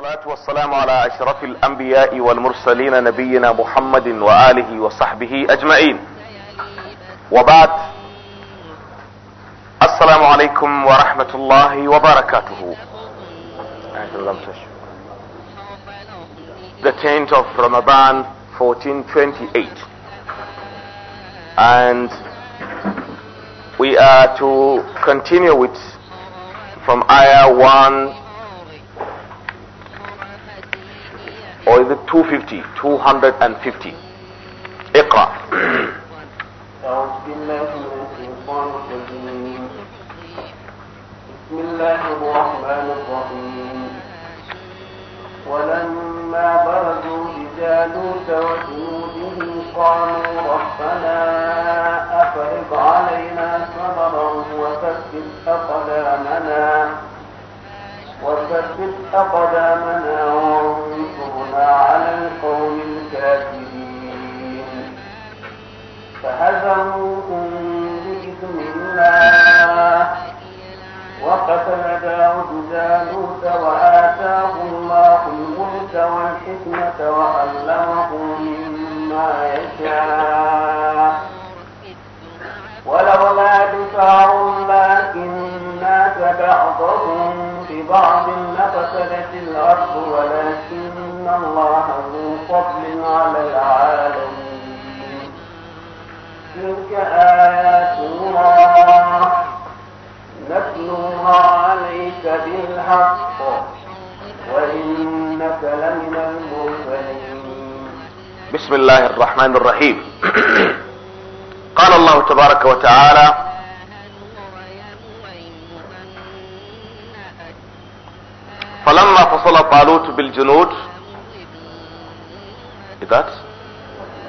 والصلاة والسلام على أشرف الأنبياء والمرسلين نبينا محمد وآله وصحبه أجمعين وبعد السلام عليكم ورحمة الله وبركاته The 10th of Ramadan 1428 and we are to continue with from ayah 1 or is it 250 250 اقرأ أعوذ بالله من الشيطان الرجيم بسم الله الرحمن الرحيم ولما برزوا لجالوت وجنوده قالوا ربنا أفرض علينا صبرا وثبت أقدامنا وثبت أقدامنا على القوم الكافرين فهزموهم بإذن الله وقتل داود جالوت وآتاه الله الملك والحكمة وعلمه مما يشاء ولولا دفاع الله الناس بعضهم ببعض لفسدت الأرض ولكن الله من فضل على العالمين تلك آيات الله نتلوها عليك بالحق وإنك لمن المرسلين بسم الله الرحمن الرحيم قال الله تبارك وتعالى فلما فصل طالوت بالجنود Is that?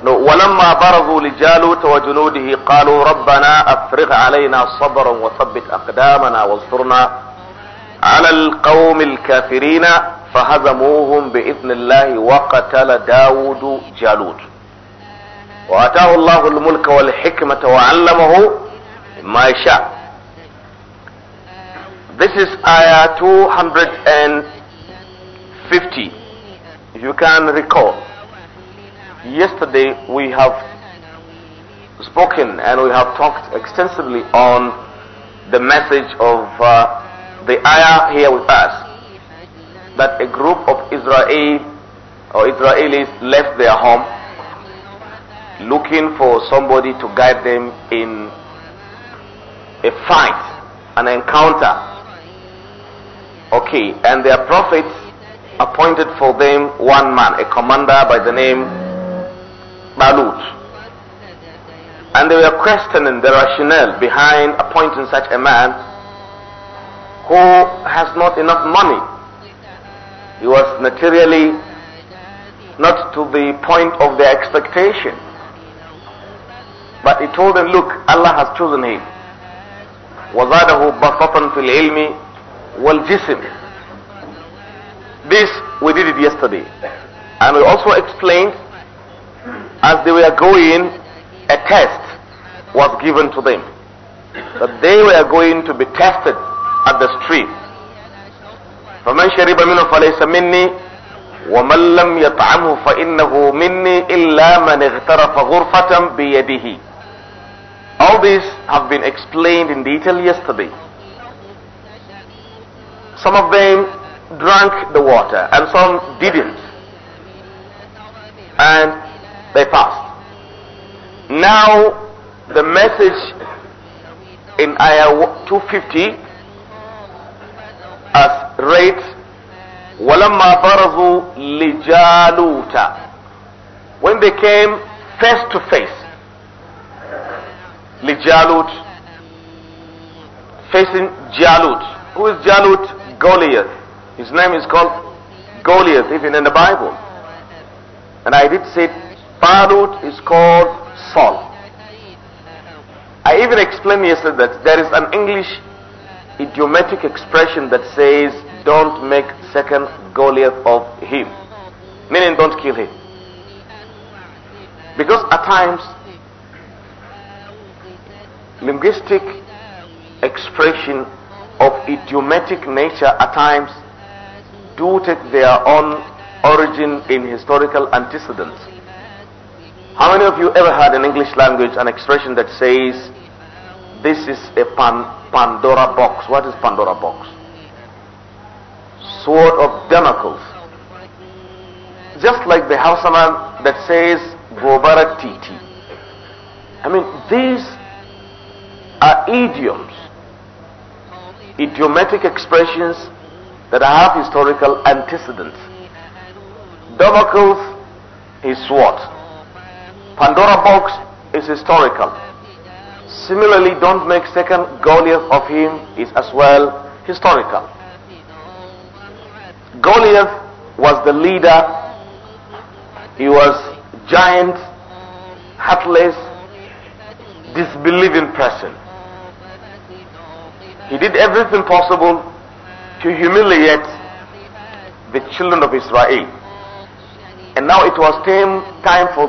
No. ولما برزوا لجالوت وجنوده قالوا ربنا أفرغ علينا صبرا وثبت أقدامنا وانصرنا على القوم الكافرين فهزموهم بإذن الله وقتل داود جالوت وآتاه الله الملك والحكمة وعلمه ما يشاء This is ayah 250 you can recall Yesterday we have spoken and we have talked extensively on the message of uh, the ayah here with us that a group of Israel or Israelis left their home looking for somebody to guide them in a fight, an encounter. Okay, and their prophet appointed for them one man, a commander by the name Balut. And they were questioning the rationale behind appointing such a man who has not enough money. He was materially not to the point of their expectation. But he told them, look, Allah has chosen him. وَزَادَهُ بَسَطًا فِي الْعِلْمِ وَالْجِسِمِ This, we did it yesterday. And we also explained as they were going, a test was given to them. That they were going to be tested at the street. فمن شرب منه فليس مني ومن لم يطعمه فإنه مني إلا من اغترف غرفة بيده. All these have been explained in detail yesterday. Some of them drank the water and some didn't. And they passed. Now, the message in ayah 250 as rates when they came face to face Lijalut facing Jalut who is Jalut Goliath his name is called Goliath even in the Bible and I did say Talut is called Sol. I even explained yesterday that there is an English idiomatic expression that says, don't make second Goliath of him. Meaning don't kill him. Because at times, linguistic expression of idiomatic nature at times do take their own origin in historical antecedents. How many of you ever heard in English language an expression that says, this is a pan, Pandora box? What is Pandora box? Sword of Damocles. Just like the Hausa man that says, Gobara Titi. I mean, these are idioms, idiomatic expressions that have historical antecedents. Damocles is sword Pandora box is historical. Similarly, don't make second Goliath of him is as well historical. Goliath was the leader. He was giant, heartless, disbelieving person. He did everything possible to humiliate the children of Israel. And now it was time, time for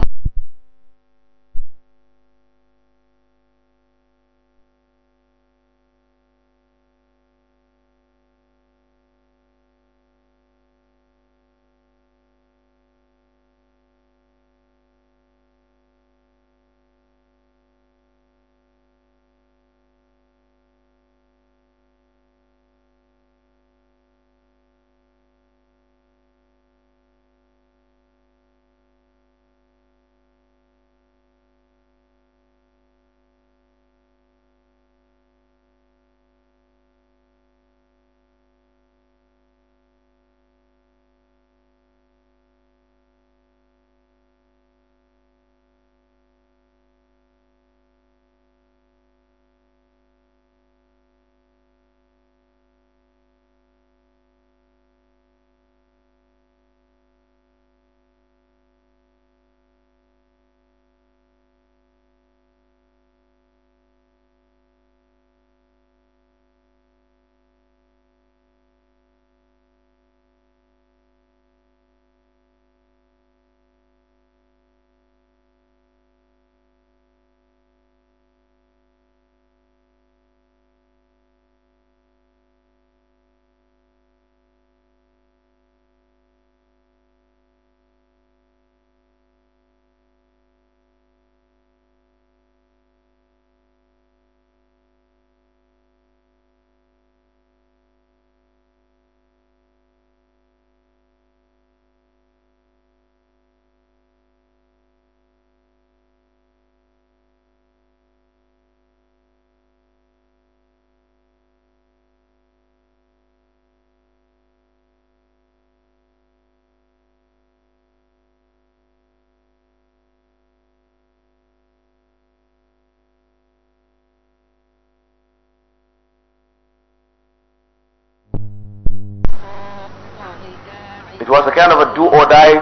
was a kind of a do or die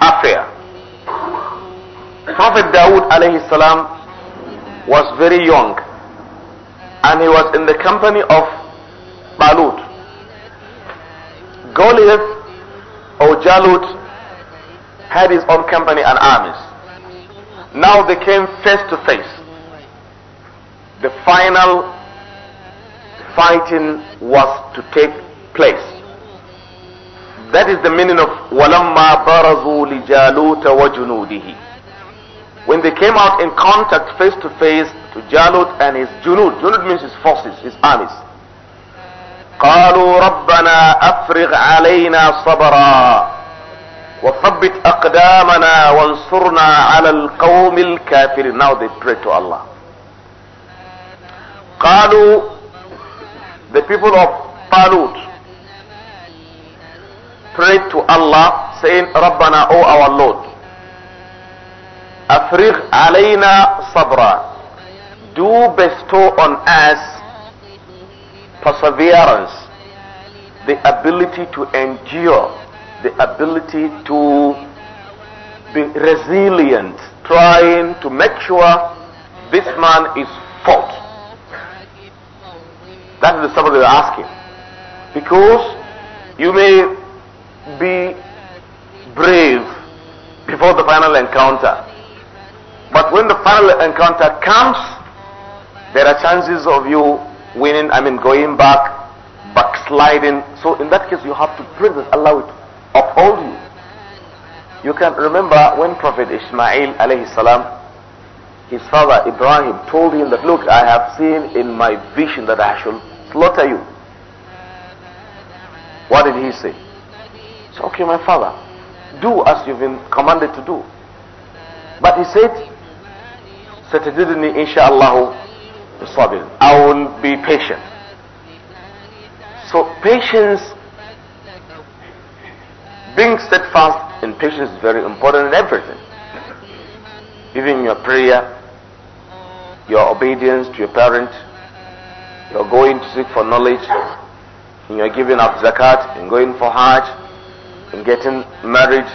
affair. Prophet Dawood alayhi salam was very young and he was in the company of Balut. Goliath or Jalut had his own company and armies. Now they came face to face. The final fighting was to take place. That is the meaning of walamma بَرَزُوا لِجَالُوتَ When they came out in contact face to face to Jalut and his junud. Junud means his forces, his armies. قالوا ربنا أفرغ علينا صبرا وثبت أقدامنا وانصرنا على القوم الكافرين. Now they pray to Allah. قالوا the people of Palut prayed to Allah saying, Rabbana, O our Lord, Afriq alayna sabra. Do bestow on us perseverance, the ability to endure, the ability to be resilient, trying to make sure this man is fought. That is the somebody they are asking. Because you may be brave before the final encounter. But when the final encounter comes, there are chances of you winning, I mean going back, backsliding. So in that case, you have to pray that Allah will uphold you. You can remember when Prophet Ismail alayhi salam, his father Ibrahim told him that, look, I have seen in my vision that I shall slaughter you. What did he say? said, okay, my father, do as you've been commanded to do. But he said, ستجدني إن شاء I will be patient. So patience, being steadfast in patience is very important in everything. Even your prayer, your obedience to your parent, your going to seek for knowledge, in your giving of zakat, and going for hajj, getting married,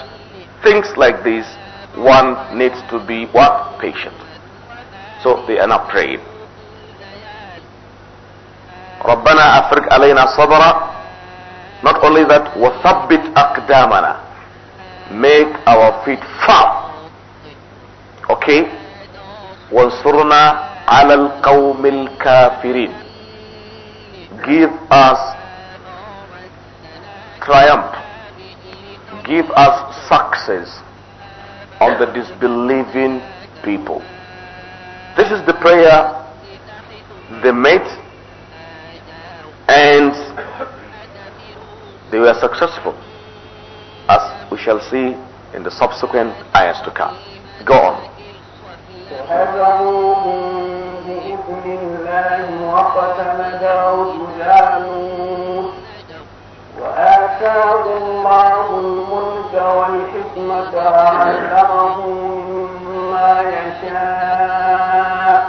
things like this, one needs to be what? Patient. So they are not praying. ربنا أفرق علينا صبرا Not only that, وثبت أقدامنا Make our feet firm. Okay? وانصرنا على القوم الكافرين Give us triumph give us success on the disbelieving people. This is the prayer they made and they were successful as we shall see in the subsequent ayahs to come. Go on. آتاه الله الملك والحكمة وعلمه مما يشاء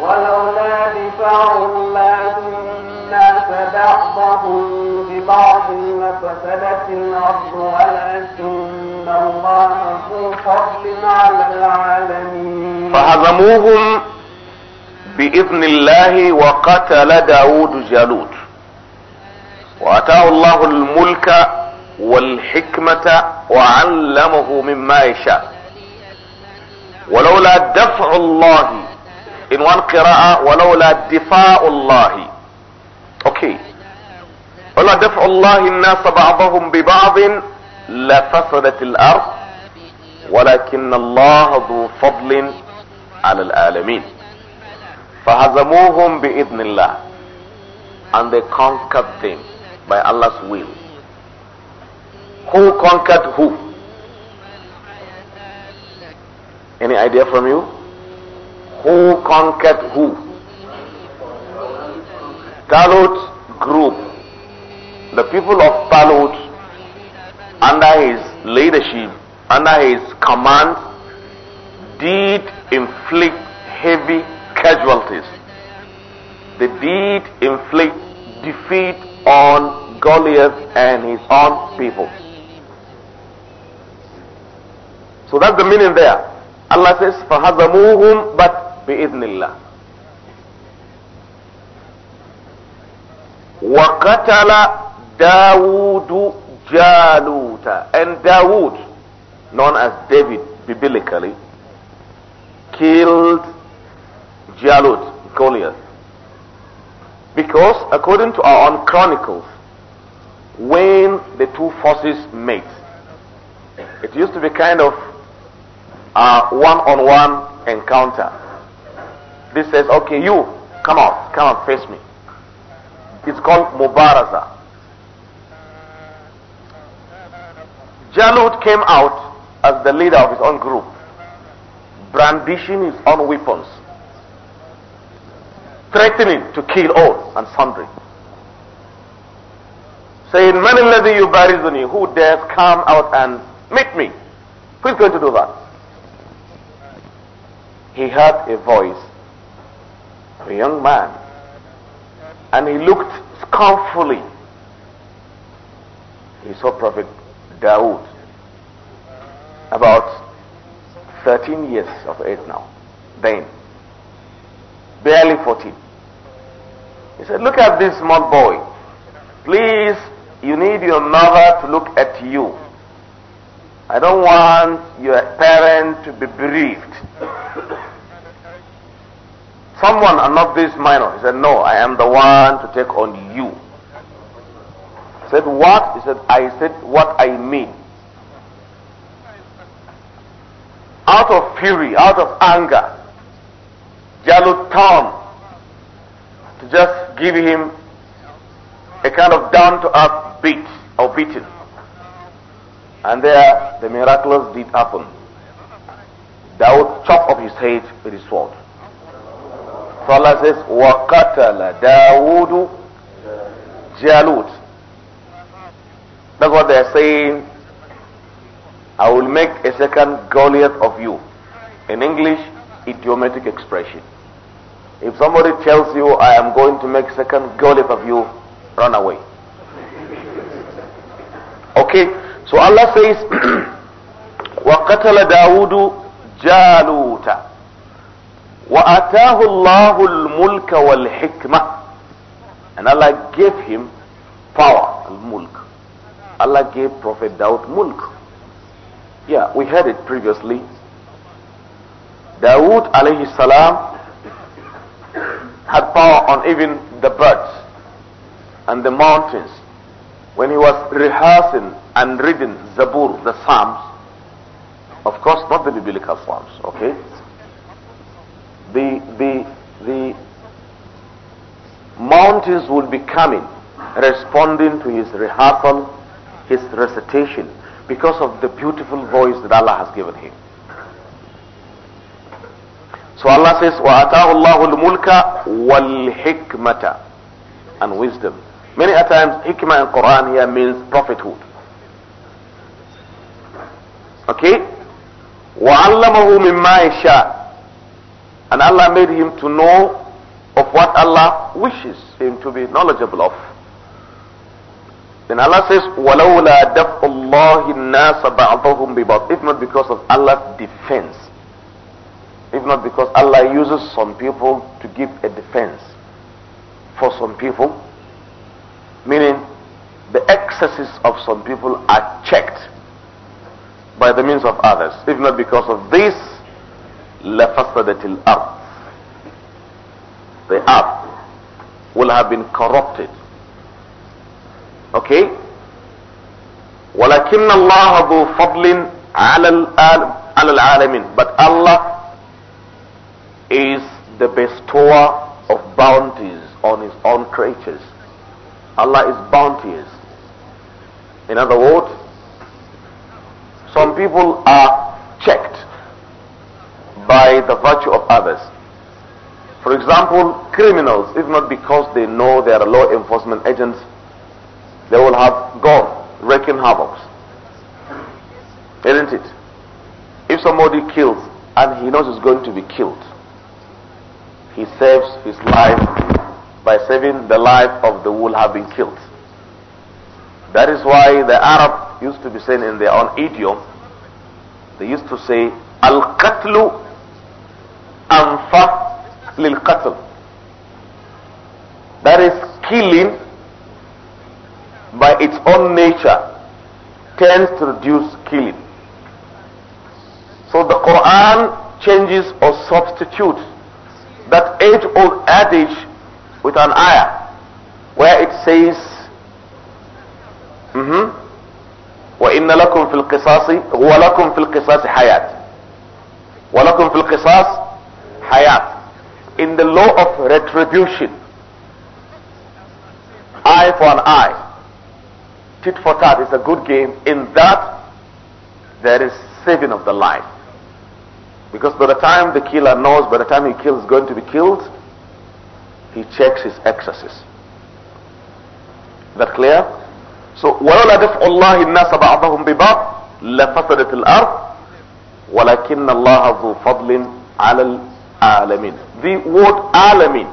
ولولا دفاع الله الناس بعضهم ببعض لفسدت الأرض ولكن الله ذو فضل على العالمين فهزموهم بإذن الله وقتل داود جالوت واتاه الله الملك والحكمة وعلمه مما يشاء ولولا دفع الله ان وان قراءة ولولا دفاع الله okay ولولا دفع الله الناس بعضهم ببعض لفسدت الارض ولكن الله ذو فضل على العالمين فهزموهم بإذن الله and they conquered them by Allah's will. Who conquered who? Any idea from you? Who conquered who? Talut group, the people of Talut, under his leadership, under his command, did inflict heavy casualties. They did inflict defeat on Goliath and his own people. So that's the meaning there. Allah says, فَهَزَمُوهُمْ but بِإِذْنِ اللَّهِ وَقَتَلَ داود جَالُوتَ And Dawood, known as David biblically, killed Jalut, Goliath. Because according to our own chronicles, when the two forces met, it used to be kind of a one-on-one encounter. This says, okay, you, come out, come and face me. It's called Mubaraza. Jalut came out as the leader of his own group, brandishing his own weapons threatening to kill all and sundry. Saying, Man alladhi yubarizuni, who dares come out and meet me? Who's going to do that? He heard a voice, a young man, and he looked scornfully. He saw Prophet Dawood, about 13 years of age now, then barely 14. He said, look at this small boy. Please, you need your mother to look at you. I don't want your parent to be bereaved. Someone and not this minor. He said, no, I am the one to take on you. He said, what? He said, I said what I mean. Out of fury, out of anger, Jalutan, to just give him a kind of down to earth beat or beating. And there the miraculous did happen. Dawood chopped off his head with his sword. So Allah says, وَقَتَلَ دَاوُودُ Jalut. That's what they are saying. I will make a second Goliath of you. In English, idiomatic expression. If somebody tells you, I am going to make second golif of you, run away. okay, so Allah says, وَقَتَلَ دَاوُدُ جَالُوتَ وَأَتَاهُ اللَّهُ الْمُلْكَ وَالْحِكْمَةِ And Allah gave him power, al-mulk. Allah gave Prophet Daud mulk. Yeah, we heard it previously Dawood alayhi salam had power on even the birds and the mountains. When he was rehearsing and reading Zabur, the Psalms, of course not the biblical Psalms, okay? The, the, the mountains would be coming, responding to his rehearsal, his recitation, because of the beautiful voice that Allah has given him. So Allah says, وَآتَاهُ اللَّهُ الْمُلْكَ وَالْحِكْمَةَ And wisdom. Many a times, hikmah in Quran here means prophethood. Okay? وَعَلَّمَهُ مِمَّا يَشَاءُ And Allah made him to know of what Allah wishes him to be knowledgeable of. Then Allah says, وَلَوْلَا دَفْءُ اللَّهِ النَّاسَ بَعْضَهُمْ بِبَعْضٍ If not because of Allah's defense if not because Allah uses some people to give a defense for some people, meaning the excesses of some people are checked by the means of others. If not because of this, لَفَسَدَتِ الْأَرْضِ The earth will have been corrupted. Okay? وَلَكِنَّ اللَّهَ ذُو فَضْلٍ عَلَى الْعَالَمِينَ But Allah is the bestower of bounties on his own creatures. Allah is bounteous. In other words, some people are checked by the virtue of others. For example, criminals, if not because they know they are law enforcement agents, they will have gone wreaking havoc. Isn't it? If somebody kills and he knows he's going to be killed, he saves his life by saving the life of the who have been killed. That is why the Arab used to be saying in their own idiom, they used to say, Al-Qatlu Anfa Lil-Qatl. That is killing by its own nature tends to reduce killing. So the Quran changes or substitutes that age-old adage with an ayah where it says, mm-hmm, وإن لكم في القصاص ولكم في القصاص حَيَاتٌ ولكم في القصاص حَيَاتٌ. in the law of retribution eye for an eye tit for tat is a good game in that there is saving of the life because by the time the killer knows, by the time he kills, going to be killed, he checks his excesses. That clear? So ولولا دفع الله الناس بعضهم ببعض لفسدت الأرض ولكن الله ذو فضل على العالمين. The word alamin,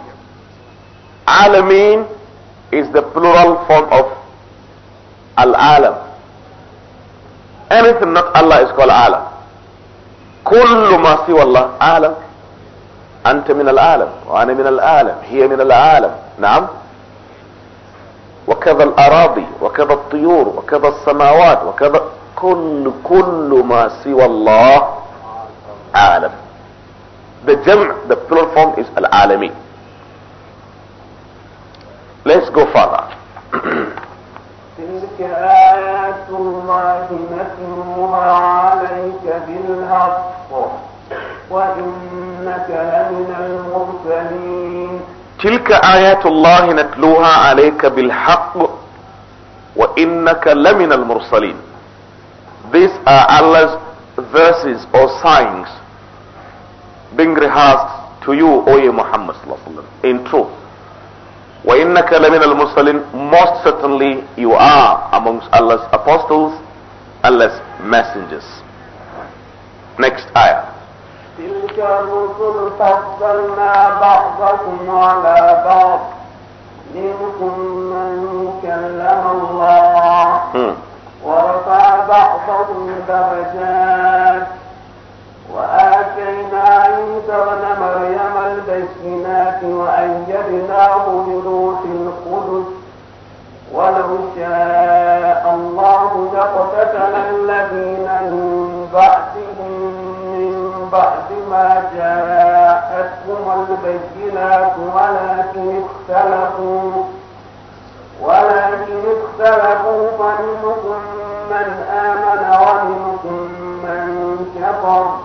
alamin is the plural form of al-alam. Anything not Allah is called alam. كل ما سوى الله عالم أنت من العالم وأنا من العالم هي من العالم نعم وكذا الأراضي وكذا الطيور وكذا السماوات وكذا كل كل ما سوى الله عالم The جمع the plural form is العالمي Let's go further. تلك آيات الله نتلوها عليك بالحق وإنك لمن المرسلين تلك آيات الله نتلوها عليك بالحق وإنك لمن المرسلين These are Allah's verses or signs being rehearsed to you, O ye Muhammad in truth. وَإِنَّكَ لَمِنَ الْمُرْسَلِينَ Most certainly you are amongst Allah's apostles, Allah's messengers. Next ayah. تلك الرسل فضلنا بعضكم على بعض منكم من كلم الله ورفع بعضهم درجات وآتينا عيسى ابن مريم البينات وأيدناه بروح القدس ولو شاء الله لقتتل الذين من بعدهم من بعد ما جاءتهم البينات ولكن اختلفوا ولكن اختلفوا فمنكم من آمن ومنكم من كفر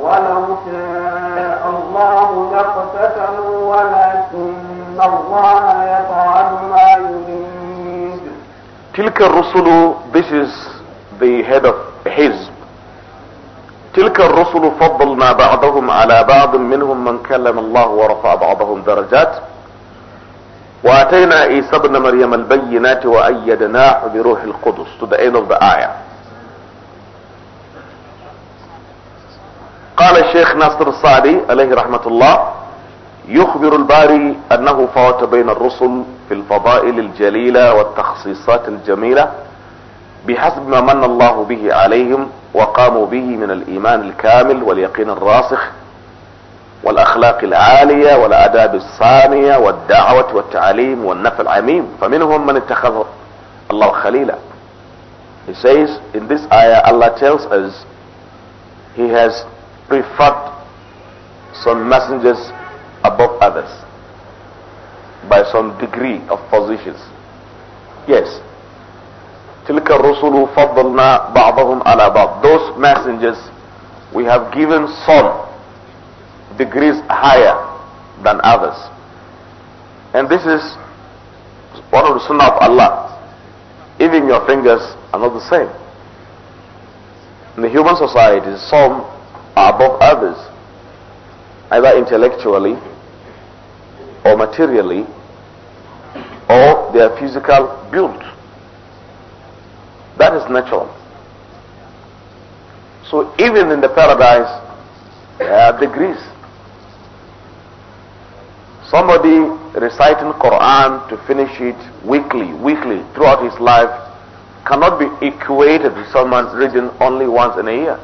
ولو شاء الله لاقتتلوا ولكن الله يفعل ما يريد تلك الرسل this is the head of حزب تلك الرسل فضلنا بعضهم على بعض منهم من كلم الله ورفع بعضهم درجات واتينا عيسى ابن مريم البينات وايدناه بروح القدس to the end of the ayah قال الشيخ ناصر الصعدي عليه رحمة الله يخبر الباري أنه فوت بين الرسل في الفضائل الجليلة والتخصيصات الجميلة بحسب ما من الله به عليهم وقاموا به من الإيمان الكامل واليقين الراسخ والأخلاق العالية والآداب الصانية والدعوة والتعليم والنفع العميم فمنهم من اتخذ الله خليلا He says in this ayah Allah tells us He has preferred some messengers above others by some degree of positions. Yes, those messengers we have given some degrees higher than others and this is one of the sunnah of Allah even your fingers are not the same in the human society some are above others either intellectually or materially or their physical build that is natural. So even in the paradise, there are degrees. Somebody reciting Quran to finish it weekly, weekly throughout his life cannot be equated with someone reading only once in a year.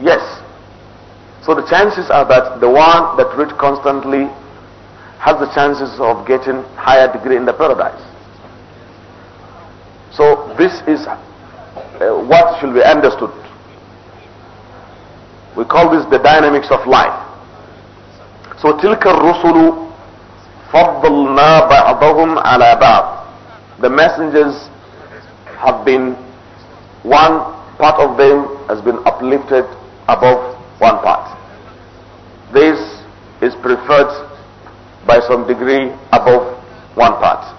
Yes. So the chances are that the one that reads constantly has the chances of getting higher degree in the paradise. So this is uh, what should be understood. We call this the dynamics of life. So rusulu الرسل فضلنا بعضهم على بعض. The messengers have been one part of them has been uplifted above one part. This is preferred by some degree above one part.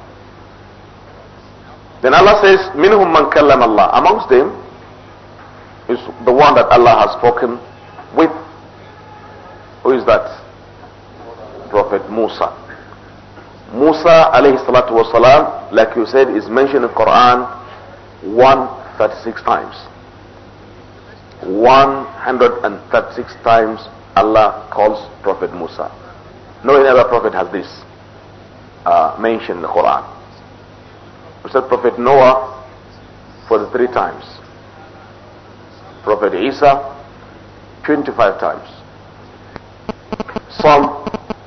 Then Allah says, Minhum man kallam Allah. Amongst them is the one that Allah has spoken with. Who is that? Prophet Musa. Musa alayhi salatu wasalam, like you said, is mentioned in Quran 136 times. 136 times Allah calls Prophet Musa. No other prophet has this uh, mentioned in the Quran. We said Prophet Noah for the three times. Prophet Isa 25 times. Some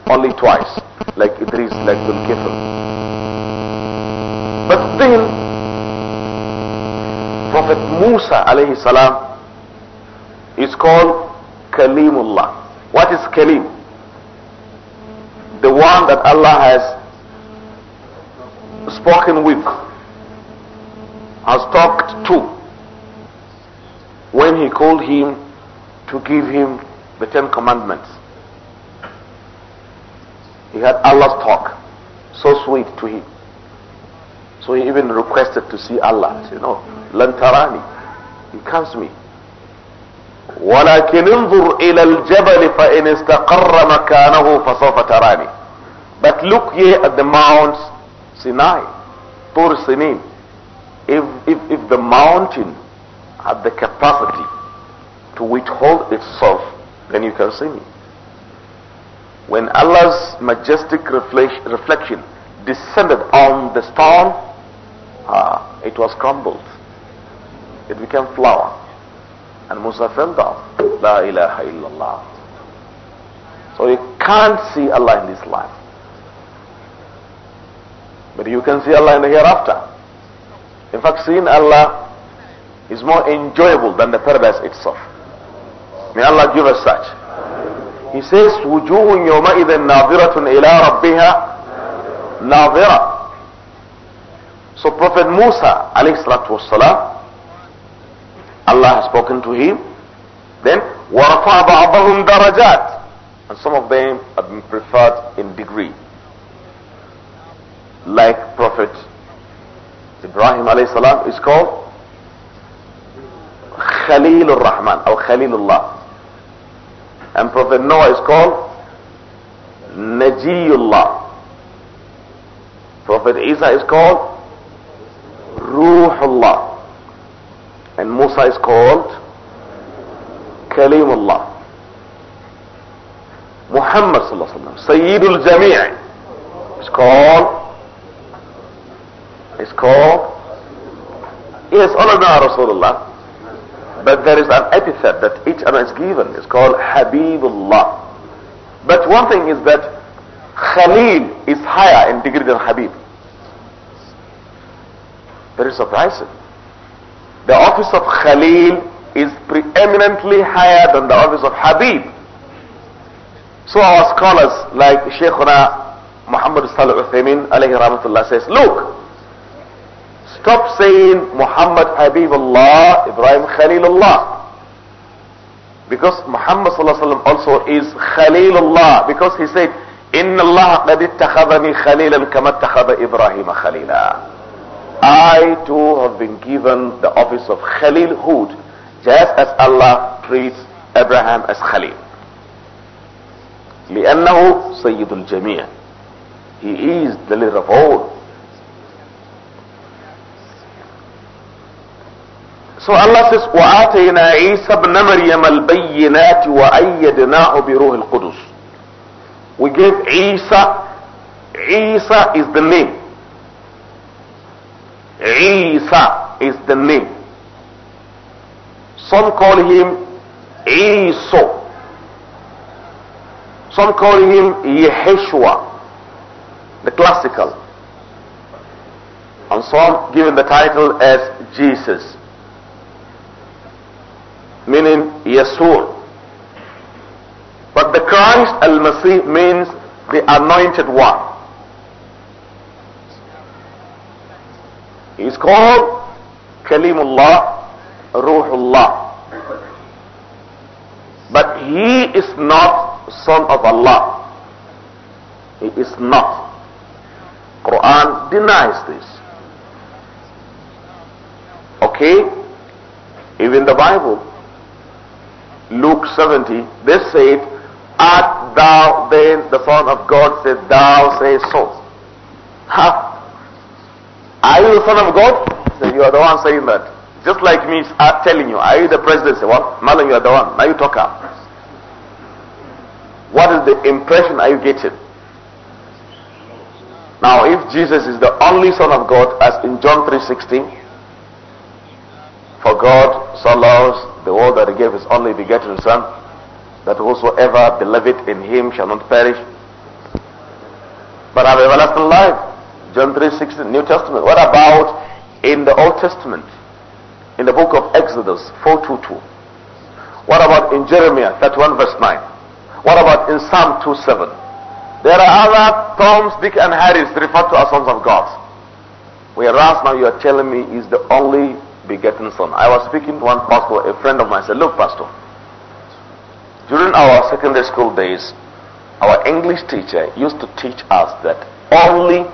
only twice, like Idris, like Zulkifl. But still, Prophet Musa alayhi salam is called Kalimullah. What is Kalim? The one that Allah has spoken with has talked to when he called him to give him the Ten Commandments. He had Allah's talk so sweet to him. So he even requested to see Allah. He said, No, Lantarani. He comes to me. ولكن انظر إلى الجبل فإن استقر مكانه فسوف تراني. But look here at the mount Sinai, Tur Sinin. If, if, if the mountain had the capacity to withhold itself, then you can see me. When Allah's majestic reflection descended on the stone, ah, it was crumbled. It became flour. And Musa fell down. La ilaha illallah. So you can't see Allah in this life. But you can see Allah in the hereafter. In fact, seeing Allah is more enjoyable than the paradise itself. May Allah give us such. He says, وجوه يومئذ ناظرة إلى ربها ناظرة. So Prophet Musa alayhi salatu wasalam, Allah has spoken to him. Then, وَرَفَعَ بَعْضَهُمْ دَرَجَاتٍ And some of them have been preferred in degree. Like Prophet Ibrahim alayhi salam is called Khalilur Rahman or Khalilullah. And Prophet Noah is called Najiyullah. Prophet Isa is called Ruhullah. And Musa is called Kalimullah. Muhammad sallallahu alaihi wasallam, Sayyidul Jami' is called it's called, yes, all Rasulullah. But there is an epithet that each one is given. It's called Habibullah. But one thing is that Khalil is higher in degree than Habib. Very surprising. The office of Khalil is preeminently higher than the office of Habib. So our scholars like Shaykhuna Muhammad Salih Uthaymin alayhi rahmatullah says, look, Stop saying Muhammad Habibullah, Ibrahim Khalilullah. Because Muhammad ﷺ also is Khalilullah because he said, إن الله قد Khalil al كما اتخذ Ibrahim Khalilah. I too have been given the office of Khalilhood just as Allah treats Abraham as Khalil. لأنه سيد الجميع. He is the leader of all. So Allah says, وَآتَيْنَا عِيسَى مَرْيَمَ الْبَيِّنَاتِ وَأَيَّدْنَاهُ بِرُوحِ الْقُدُسِ We gave Isa, Isa is the name. Isa is the name. Some call him Isa. Some call him Yeshua, the classical. And some give him the title as Jesus meaning Yasur. But the Christ Al-Masih means the anointed one. He's called Kalimullah, Ruhullah. But he is not son of Allah. He is not. Quran denies this. Okay? Even the Bible Luke 70, they said, Art thou then the Son of God? Said, Thou sayest so. Ha! Are you the Son of God? you are the one saying that. Just like me are telling you, are you the president? Say, well, Malam, you are the one. Now you talk up. What is the impression are you getting? Now, if Jesus is the only Son of God, as in John 3.16, for God so loves the word that he gave his only begotten son, that whosoever believeth in him shall not perish, but have everlasting life. John 3:16, New Testament. What about in the Old Testament? In the book of Exodus 4:22. What about in Jeremiah 31 verse 9? What about in Psalm two seven? There are other Toms, Dick, and Harrys referred to as sons of God. Whereas now you are telling me is the only Begetting son. I was speaking to one pastor, a friend of mine, said, Look, pastor, during our secondary school days, our English teacher used to teach us that only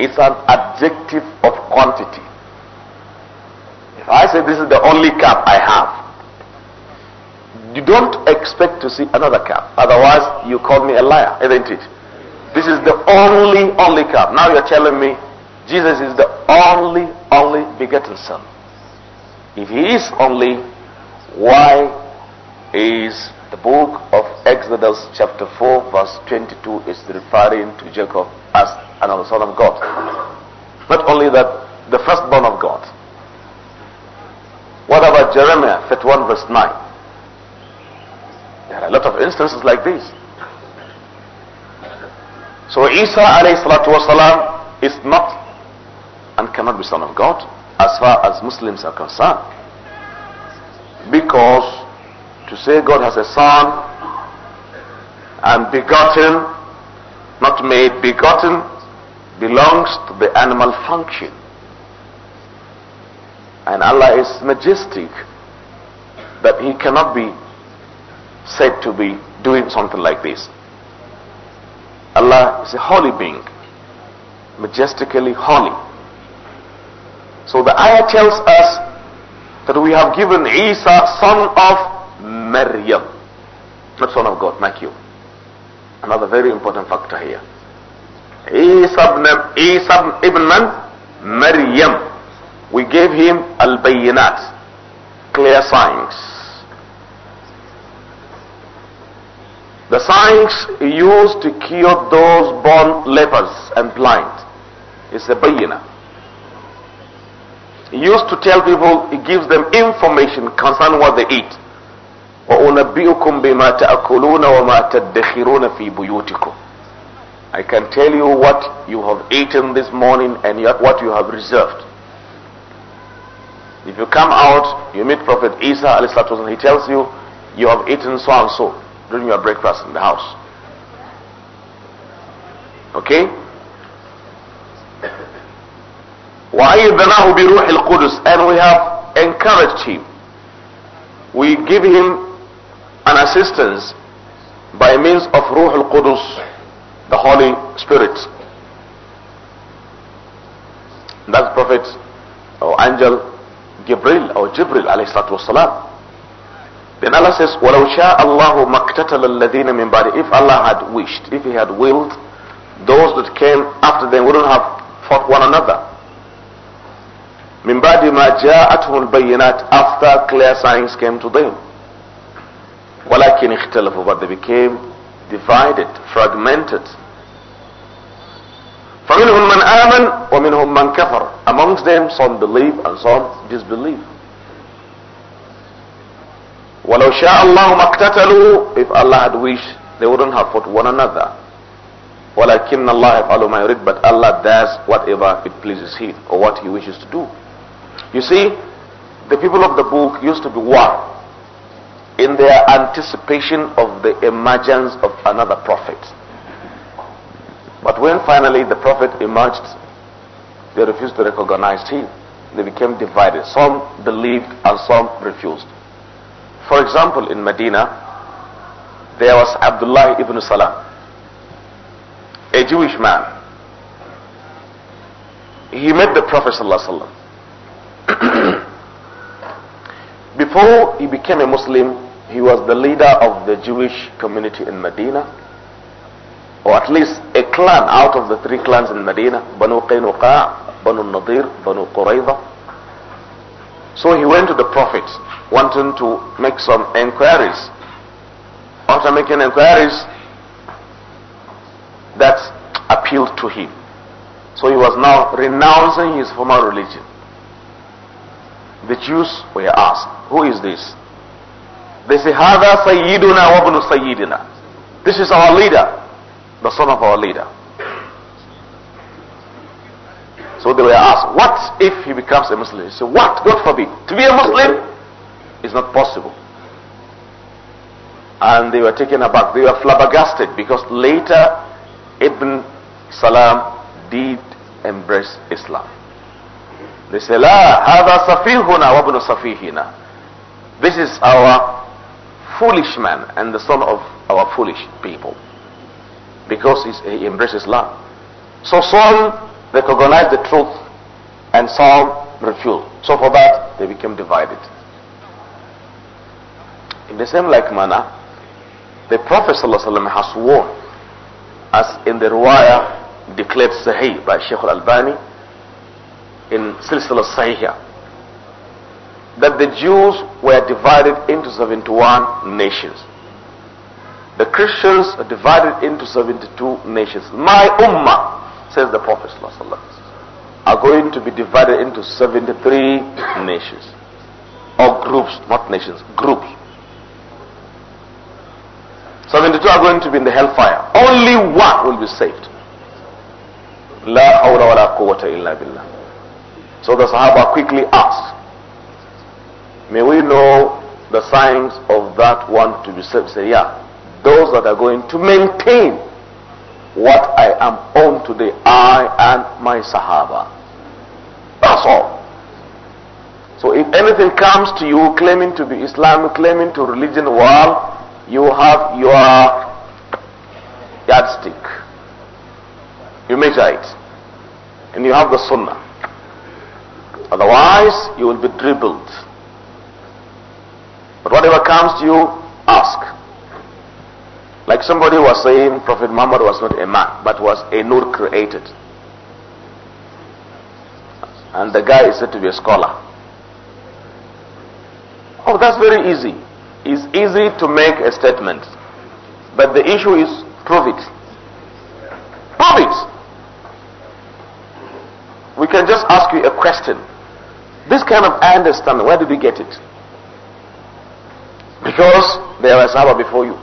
is an adjective of quantity. If I say this is the only cup I have, you don't expect to see another cup. Otherwise, you call me a liar, isn't it? This is the only, only cup. Now you're telling me Jesus is the only, only begotten Son. If he is only, why is the book of Exodus chapter 4 verse 22 is referring to Jacob as another son of God. Not only that, the firstborn of God. What about Jeremiah 31 verse 9? There are a lot of instances like this. So Isa alayhi salatu wasalam is not and cannot be son of God as far as Muslims are concerned. Because to say God has a son and begotten, not made, begotten, belongs to the animal function. And Allah is majestic that He cannot be said to be doing something like this. Allah is a holy being, majestically holy. So the ayah tells us that we have given Isa son of Maryam, not son of God, Michael. you. Another very important factor here. Isa ibn, Isa ibn Maryam. We gave him al-bayinat, clear signs. The signs used to cure those born lepers and blind. It's a bayinah used to tell people, he gives them information concerning what they eat. وَأُنَبِّئُكُمْ بِمَا تَأْكُلُونَ وَمَا تَدَّخِرُونَ فِي بُيُوتِكُمْ I can tell you what you have eaten this morning and what you have reserved. If you come out, you meet Prophet Isa, and he tells you, you have eaten so and so during your breakfast in the house. Okay? وَأَيَّدْنَاهُ بِرُوحِ الْقُدُسِ And we have encouraged him. We give him an assistance by means of Ruh al the Holy Spirit. That's Prophet or Angel Gabriel or Jibril alayhi salatu wasalam. Then Allah says, وَلَوْ شَاءَ اللَّهُ الَّذِينَ مِنْ بَعْدِ If Allah had wished, if He had willed, those that came after them wouldn't have fought one another. من بعد ما جاءتهم البينات after clear signs came to them ولكن اختلفوا but they became divided fragmented فمنهم من آمن ومنهم من كفر amongst them some believe and some disbelieve ولو شاء الله ما اقتتلوا if Allah had wished they wouldn't have fought one another ولكن الله يفعل ما يريد but Allah does whatever it pleases him or what he wishes to do you see, the people of the book used to be one in their anticipation of the emergence of another prophet. But when finally the prophet emerged, they refused to recognize him. They became divided. Some believed and some refused. For example, in Medina, there was Abdullah ibn Salam, a Jewish man. He met the Prophet sallallahu alaihi wasallam Before he became a Muslim, he was the leader of the Jewish community in Medina, or at least a clan out of the three clans in Medina, Banu Qaynuqa, Banu Nadir, Banu Qurayza. So he went to the Prophet, wanting to make some inquiries. After making inquiries, that appealed to him. So he was now renouncing his former religion. The Jews were asked, Who is this? They say, Hada Sayyiduna Wabnu Sayyidina. This is our leader, the son of our leader. So they were asked, What if he becomes a Muslim? He said, What? God forbid. To be a Muslim is not possible. And they were taken aback. They were flabbergasted because later Ibn Salam did embrace Islam. They say, La hada safihuna wa ibn safihina. This is our foolish man and the son of our foolish people. Because he embraces love. So Saul recognized the truth and Saul refused. So for that, they became divided. In the same like manner, the Prophet has sworn, as in the riwayah declared Sahih by Sheikh al-Albani, in Silsila Sahihya that the Jews were divided into 71 nations. The Christians are divided into 72 nations. My ummah, says the Prophet are going to be divided into 73 nations. Or groups, not nations, groups. 72 are going to be in the hellfire. Only one will be saved. La hawla wa la quwwata illa billah. So the Sahaba quickly asked, May we know the signs of that one to be saved? Say, yeah, those that are going to maintain what I am on today, I and my Sahaba. That's all. So if anything comes to you claiming to be Islam, claiming to religion, well, you have your yardstick. You measure it. And you have the Sunnah. Otherwise, you will be dribbled. But whatever comes to you, ask. Like somebody was saying, Prophet Muhammad was not a man, but was a nur created. And the guy is said to be a scholar. Oh, that's very easy. It's easy to make a statement. But the issue is prove it. Prove it. We can just ask you a question. This kind of understanding, where did you get it? Because there were Sahaba before you.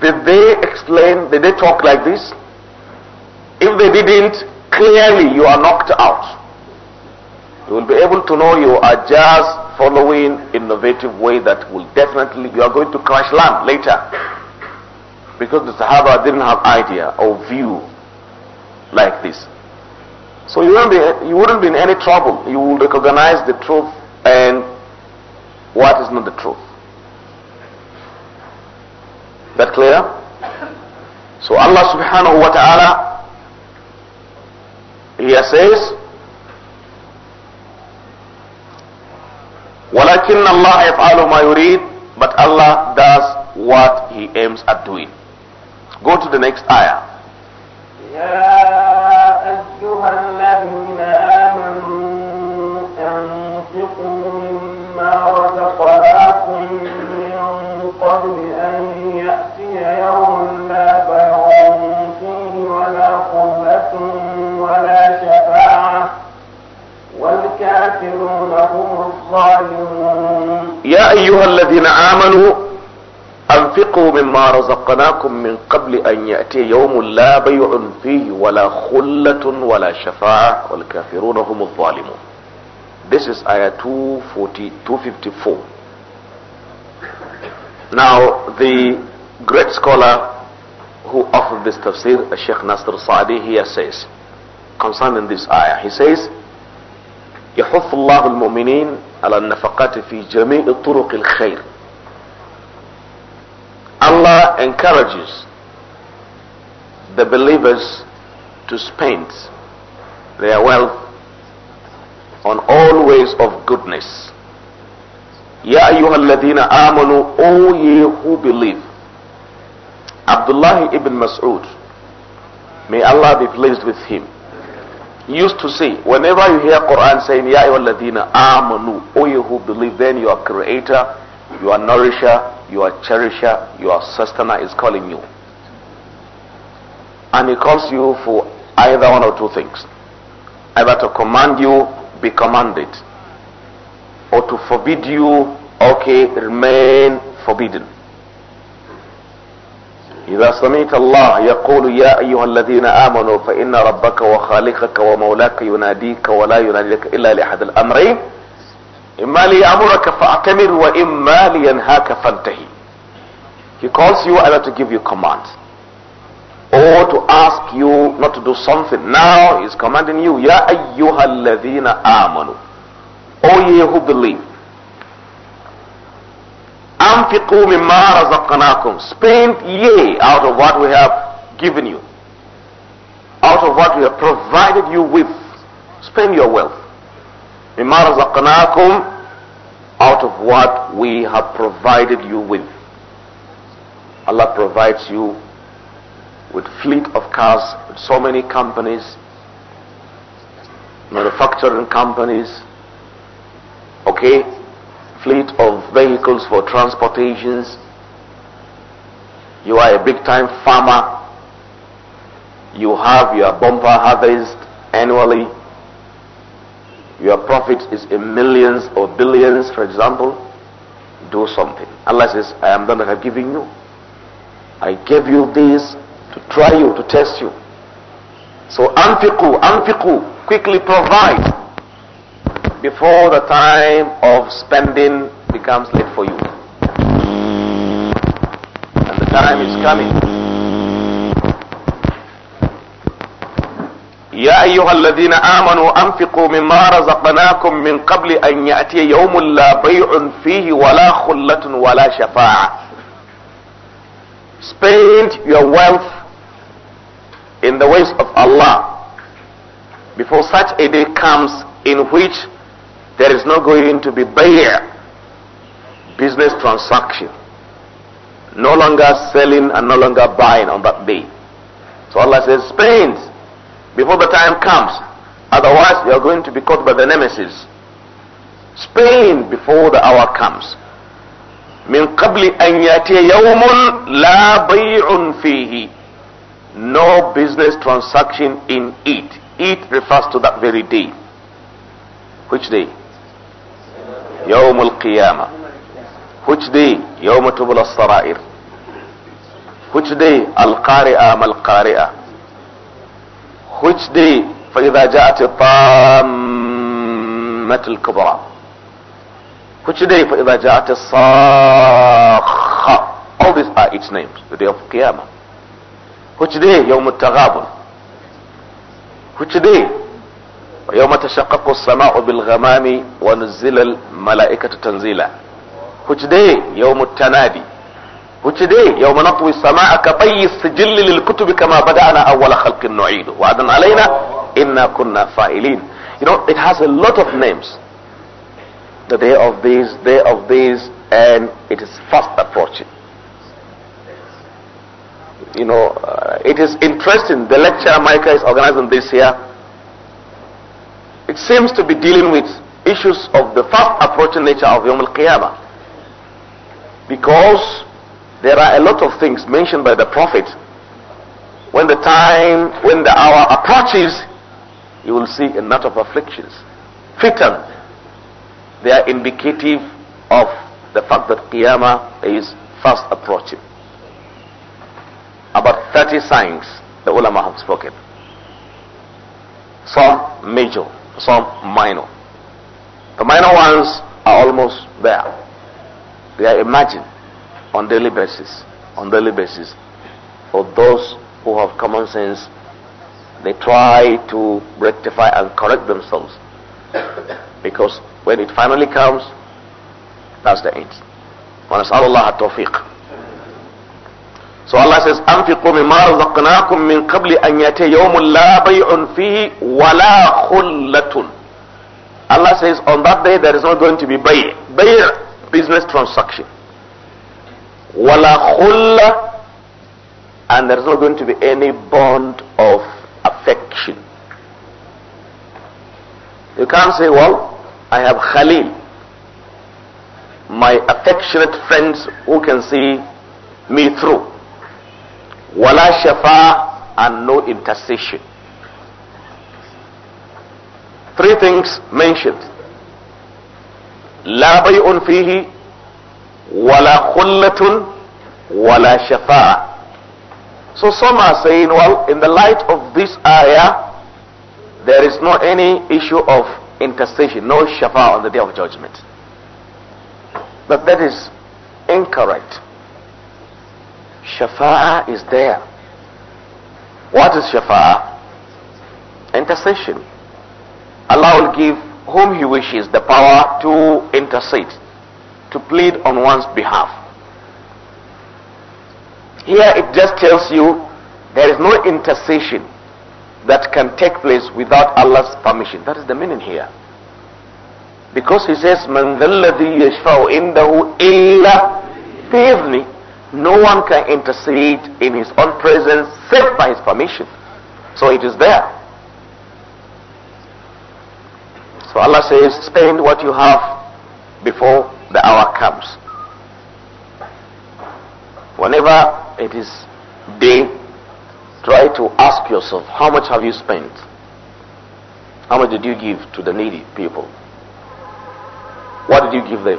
Did they explain? Did they talk like this? If they didn't, clearly you are knocked out. You will be able to know you are just following innovative way that will definitely, you are going to crash land later. Because the Sahaba didn't have idea or view like this. So you wouldn't be, you wouldn't be in any trouble. You will recognize the truth and what is not the truth. That clear? So Allah subhanahu wa ta'ala here says ولكن الله يفعل ما يريد but Allah does what he aims at doing. Go to the next ayah. Yeah. أيها الذين آمنوا أنفقوا مما رزقناكم من قبل أن يأتي يوم لا بيع فيه ولا قوة ولا شفاعة والكافرون هم الظالمون يا أيها الذين آمنوا وأنفقوا مما رزقناكم من قبل أن يأتي يوم لا بيع فيه ولا خلة ولا شفاعة والكافرون هم الظالمون This is ayah 254 Now the great scholar who offered this tafsir, Sheikh Nasr Saadi, here says concerning this ayah, he says يحث الله المؤمنين على النفقات في جميع طرق الخير Allah encourages the believers to spend their wealth on all ways of goodness. Ya ayyuhalladhina amanu, O ye who believe. Abdullah ibn Mas'ud, may Allah be pleased with him, used to say, whenever you hear Quran saying, Ya ayyuhalladhina amanu, O ye who believe, then your creator, your nourisher, your cherisher, your sustainer is calling you. And he calls you for either one or two things. Either to command you, be commanded. Or to forbid you, okay, remain forbidden. إذا سمعت الله يقول يا أيها الذين آمنوا فإن ربك وخالقك ومولاك يناديك ولا يناديك إلا لأحد الأمرين إما ليأمرك فأتمر وإما لينهاك فانتهي He calls you either to give you commands or to ask you not to do something. Now he's commanding you, Ya أَيُّهَا الَّذِينَ آمَنُوا O ye who believe. Anfiqu مِمَّا رَزَقْنَاكُمْ Spend ye out of what we have given you. Out of what we have provided you with. Spend your wealth. مما رزقناكم out of what we have provided you with. Allah provides you with fleet of cars, with so many companies, manufacturing companies, okay, fleet of vehicles for transportations. You are a big time farmer. You have your bumper harvest annually your profit is in millions or billions, for example, do something. Allah says, I am the one I've given you. I gave you this to try you, to test you. So anfiqu, anfiqu, quickly provide before the time of spending becomes late for you. And the time is coming. يا ايها الذين امنوا انفقوا مما رزقناكم من قبل ان ياتي يوم لا بيع فيه ولا خله ولا شفاعه spend your wealth in the ways of Allah before such a day comes in which there is not going to be bayr business transaction no longer selling and no longer buying on that day so Allah says spend before the time comes. Otherwise, you are going to be caught by the nemesis. Spain before the hour comes. من قبل أن يأتي يوم لا بيع فيه No business transaction in it. It refers to that very day. Which day? يوم القيامة. Which day? يوم تبلى السرائر. Which day? القارئة ما القارئة. which day فإذا جاءت الطامة الكبرى which day فإذا جاءت الصاخة all these are its names the day of Qiyamah which day يوم التغابن which day يوم تشقق السماء بالغمام ونزل الملائكة تنزيلا which day يوم التنادي وتدي يوم نطوي السماء كطي السجل للكتب كما بدأنا أول خلق نعيد وعدا علينا إنا كنا فاعلين You know, it has a lot of names. The day of this, day of this, and it is fast approaching. You know, uh, it is interesting. The lecture Michael is organizing this year. It seems to be dealing with issues of the fast approaching nature of Yom Al Qiyamah. Because there are a lot of things mentioned by the Prophet. When the time, when the hour approaches, you will see a lot of afflictions. Fitan. They are indicative of the fact that Qiyamah is fast approaching. About 30 signs the ulama have spoken. Some major, some minor. The minor ones are almost there. They are imagined on daily basis, on daily basis. For those who have common sense, they try to rectify and correct themselves. because when it finally comes, that's the end. ونسأل الله التوفيق. So Allah says, أنفقوا مما رزقناكم من قبل أن يأتي يوم لا بيع فيه ولا خلة. Allah says, on that day there is not going to be buy buy business transaction wala khulla, and there's not going to be any bond of affection. You can't say, well, I have Khalil, my affectionate friends who can see me through. Wala shafa and no intercession. Three things mentioned. La بيء فيه wala khullatun wala shafa'a. So some are saying, well, in the light of this ayah, there is no any issue of intercession, no shafa on the day of judgment. But that is incorrect. Shafa'a is there. What is shafa'a? Intercession. Allah will give whom He wishes the power to intercede to plead on one's behalf. Here it just tells you there is no intercession that can take place without Allah's permission. That is the meaning here. Because he says, Man yashfa'u indahu illa No one can intercede in his own presence except by his permission. So it is there. So Allah says, spend what you have before the hour comes. Whenever it is day, try to ask yourself, how much have you spent? How much did you give to the needy people? What did you give them?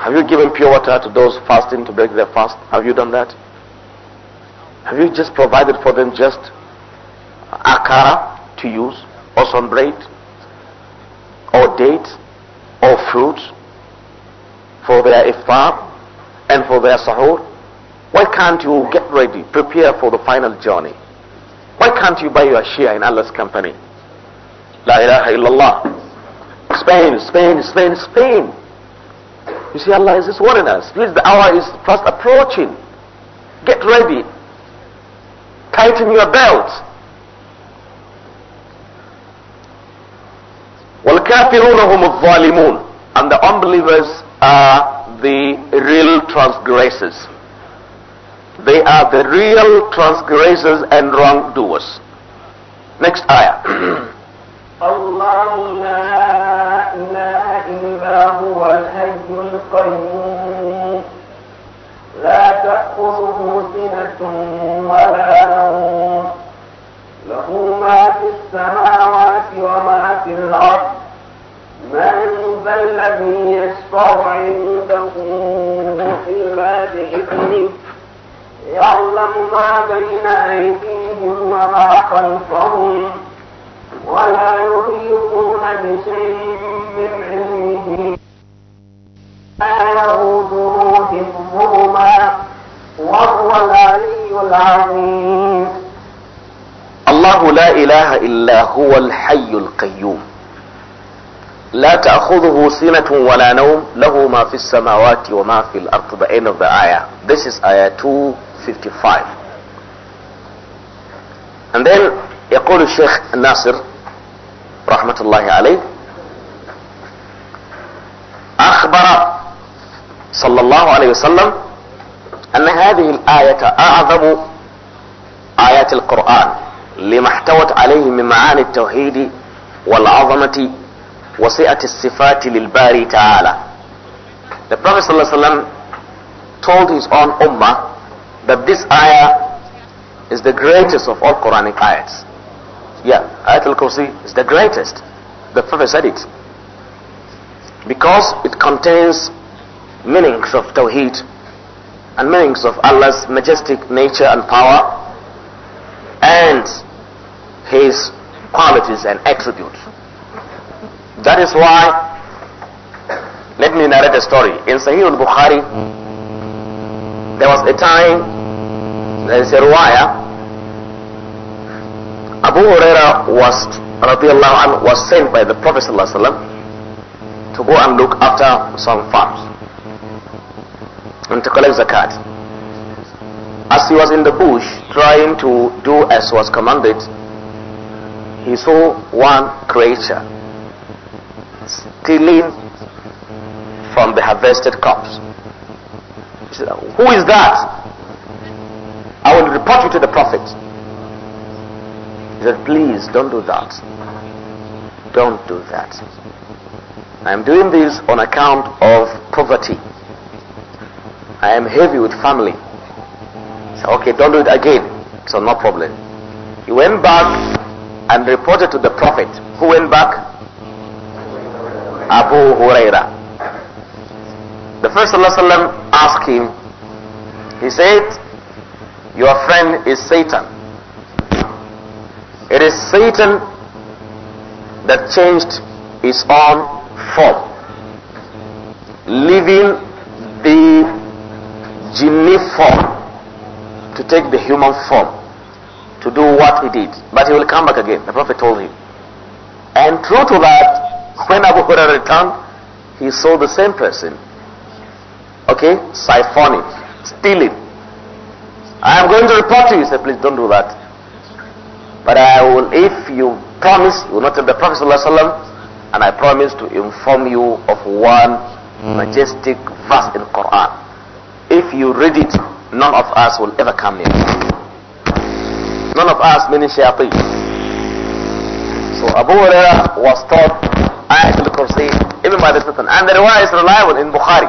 Have you given pure water to those fasting to break their fast? Have you done that? Have you just provided for them just akara to use or some bread or dates of fruits, for their iftar and for their sahur? Why can't you get ready, prepare for the final journey? Why can't you buy your share in Allah's company? La ilaha illallah. Spain, Spain, Spain, Spain. You see, Allah is just warning us. Please, the hour is fast approaching. Get ready. Tighten your belts. وَالْكَافِرُونَ هُمُ الظَّالِمُونَ And the unbelievers are the real transgressors. They are the real transgressors and wrongdoers. Next ayah. الله لا إلا هو الحي القيوم لا تأخذه سنة ولا نوم له ما في السماوات وما في الأرض من ذا الذي يشفع عنده إلا بإذنه يعلم ما بين أيديهم وما خلفهم ولا يحيطون بشيء من علمه لا يعوده حفظهما وهو العلي العظيم الله لا إله إلا هو الحي القيوم لا تأخذه سنة ولا نوم له ما في السماوات وما في الأرض the end of the ayah this is ayah 255 and then يقول الشيخ ناصر رحمة الله عليه أخبر صلى الله عليه وسلم أن هذه الآية أعظم آيات القرآن لما احتوت عليه من معاني التوحيد والعظمة وسعة الصفات للباري تعالى The Prophet ﷺ told his own ummah that this ayah is the greatest of all Quranic ayats. Yeah, Ayat al-Kursi is the greatest. The Prophet said it. Because it contains meanings of Tawheed and meanings of Allah's majestic nature and power and his qualities and attributes. That is why, let me narrate a story. In Sahih al-Bukhari, there was a time, there is a riwayah, Abu Huraira was, was sent by the Prophet ﷺ to go and look after some farms and to collect zakat. As he was in the bush trying to do as was commanded he saw one creature stealing from the harvested crops. He said, Who is that? I will report you to the prophet. He said, Please don't do that. Don't do that. I am doing this on account of poverty. I am heavy with family. So, okay, don't do it again. So no problem. He went back and reported to the Prophet. Who went back? Abu Huraira. The first Sallallahu asked him, he said, your friend is Satan. It is Satan that changed his own form, leaving the genie form to take the human form to do what he did. But he will come back again, the Prophet told him. And true to that, when Abu Hurairah returned, he saw the same person. Okay, siphoning, stealing. I am going to report to you. He said, please don't do that. But I will, if you promise, you will not tell the Prophet and I promise to inform you of one hmm. majestic verse in Quran. If you read it, none of us will ever come near none of us many shayateen. So Abu Huraira was taught Ayat al-Kursi even by the Sultan. And the riwayah is reliable in Bukhari.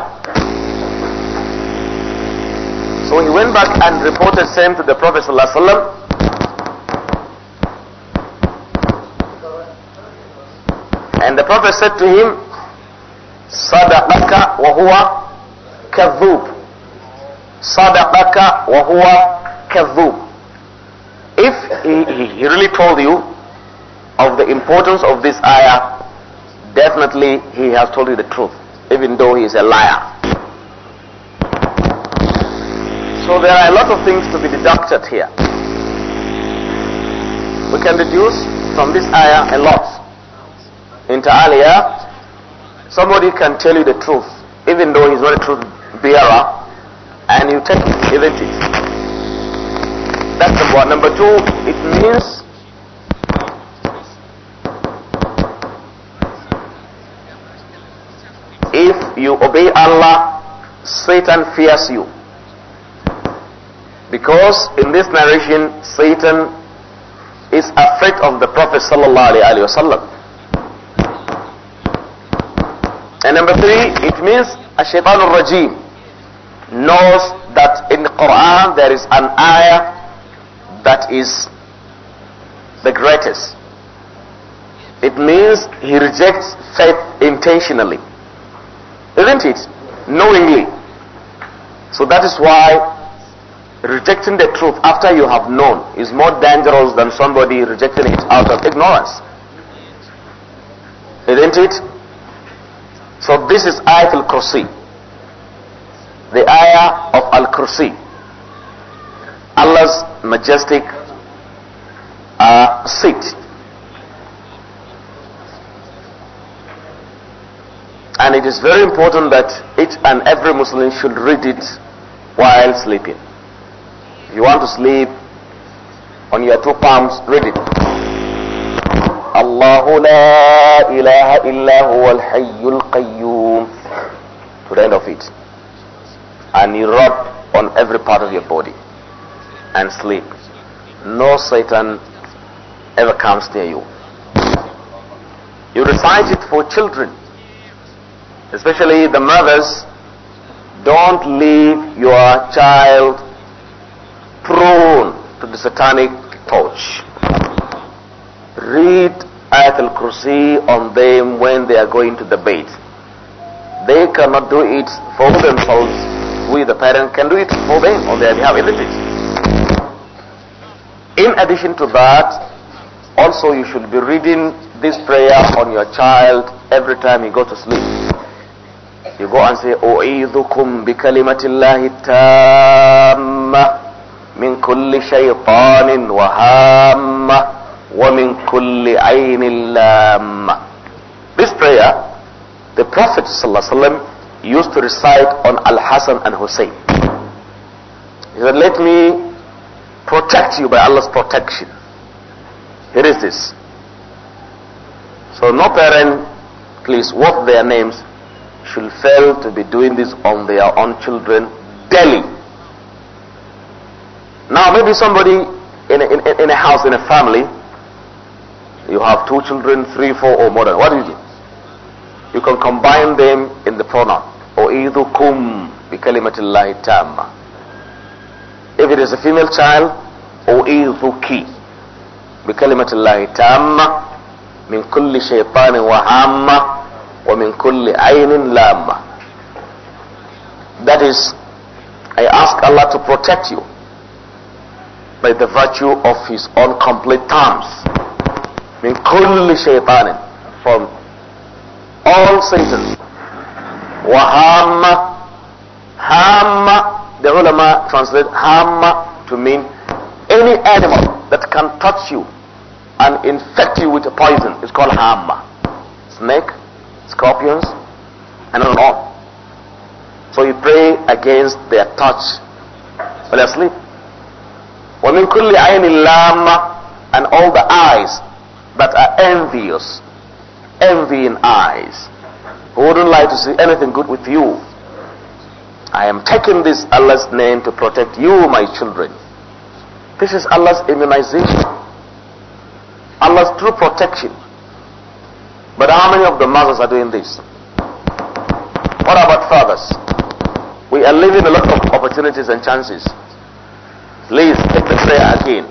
So he went back and reported same to the Prophet sallallahu alaihi wasallam. And the Prophet said to him, صدقك وهو كذوب صدقك وهو كذوب if he, he really told you of the importance of this ayah, definitely he has told you the truth, even though he is a liar. So there are a lot of things to be deducted here. We can deduce from this ayah a lot. In Ta'aliyah, somebody can tell you the truth, even though he's not a truth bearer, and you take his not it, isn't it? That's number one. Number two, it means if you obey Allah, Satan fears you. Because in this narration, Satan is afraid of the Prophet sallallahu alaihi wasallam. And number three, it means a shaytan al-rajim knows that in the Quran there is an ayah that is the greatest. It means he rejects faith intentionally, isn't it? Knowingly. So that is why rejecting the truth after you have known is more dangerous than somebody rejecting it out of ignorance. Isn't it? So this is al Kursi, the ayah of Al Kursi. Allah's majestic uh, seat. And it is very important that each and every Muslim should read it while sleeping. If you want to sleep on your two palms, read it. الله لا إله إلا هو الحي القيوم to the end of it and you rub on every part of your body and sleep. No Satan ever comes near you. You recite it for children, especially the mothers. Don't leave your child prone to the satanic touch. Read Ayatul Kursi on them when they are going to the bed. They cannot do it for themselves. We, the parent, can do it for them on their behalf, isn't it? In addition to that, also you should be reading this prayer on your child every time you go to sleep. You go and say, أعيذكم بكلمة الله التامة من كل شيطان وهامة ومن كل عين لامة. This prayer, the Prophet ﷺ used to recite on Al-Hasan and Hussein. He said, let me protect you by Allah's protection. Here is this. So no parent, please, what their names should fail to be doing this on their own children daily. Now maybe somebody in a, in, in a house, in a family, you have two children, three, four or more than, what do you do? You can combine them in the pronoun. أعيذكم بكلمة الله تامة if it is a female child أعيذك بكلمة الله تامة من كل شيطان وهامة ومن كل عين لامة That is, I ask Allah to protect you by the virtue of His own complete terms. من كل شيطان from all Satan وهامة هامة the ulama translate "hama" to mean any animal that can touch you and infect you with a poison is called "hama" Snake, scorpions, and on and on. So you pray against their touch while you're asleep. وَمِن كُلِّ عَيْنِ اللَّامَّةِ And all the eyes that are envious, envying eyes, who wouldn't like to see anything good with you, I am taking this Allah's name to protect you, my children. This is Allah's immunization. Allah's true protection. But how many of the mothers are doing this? What about fathers? We are leaving a lot of opportunities and chances. Please take the prayer again.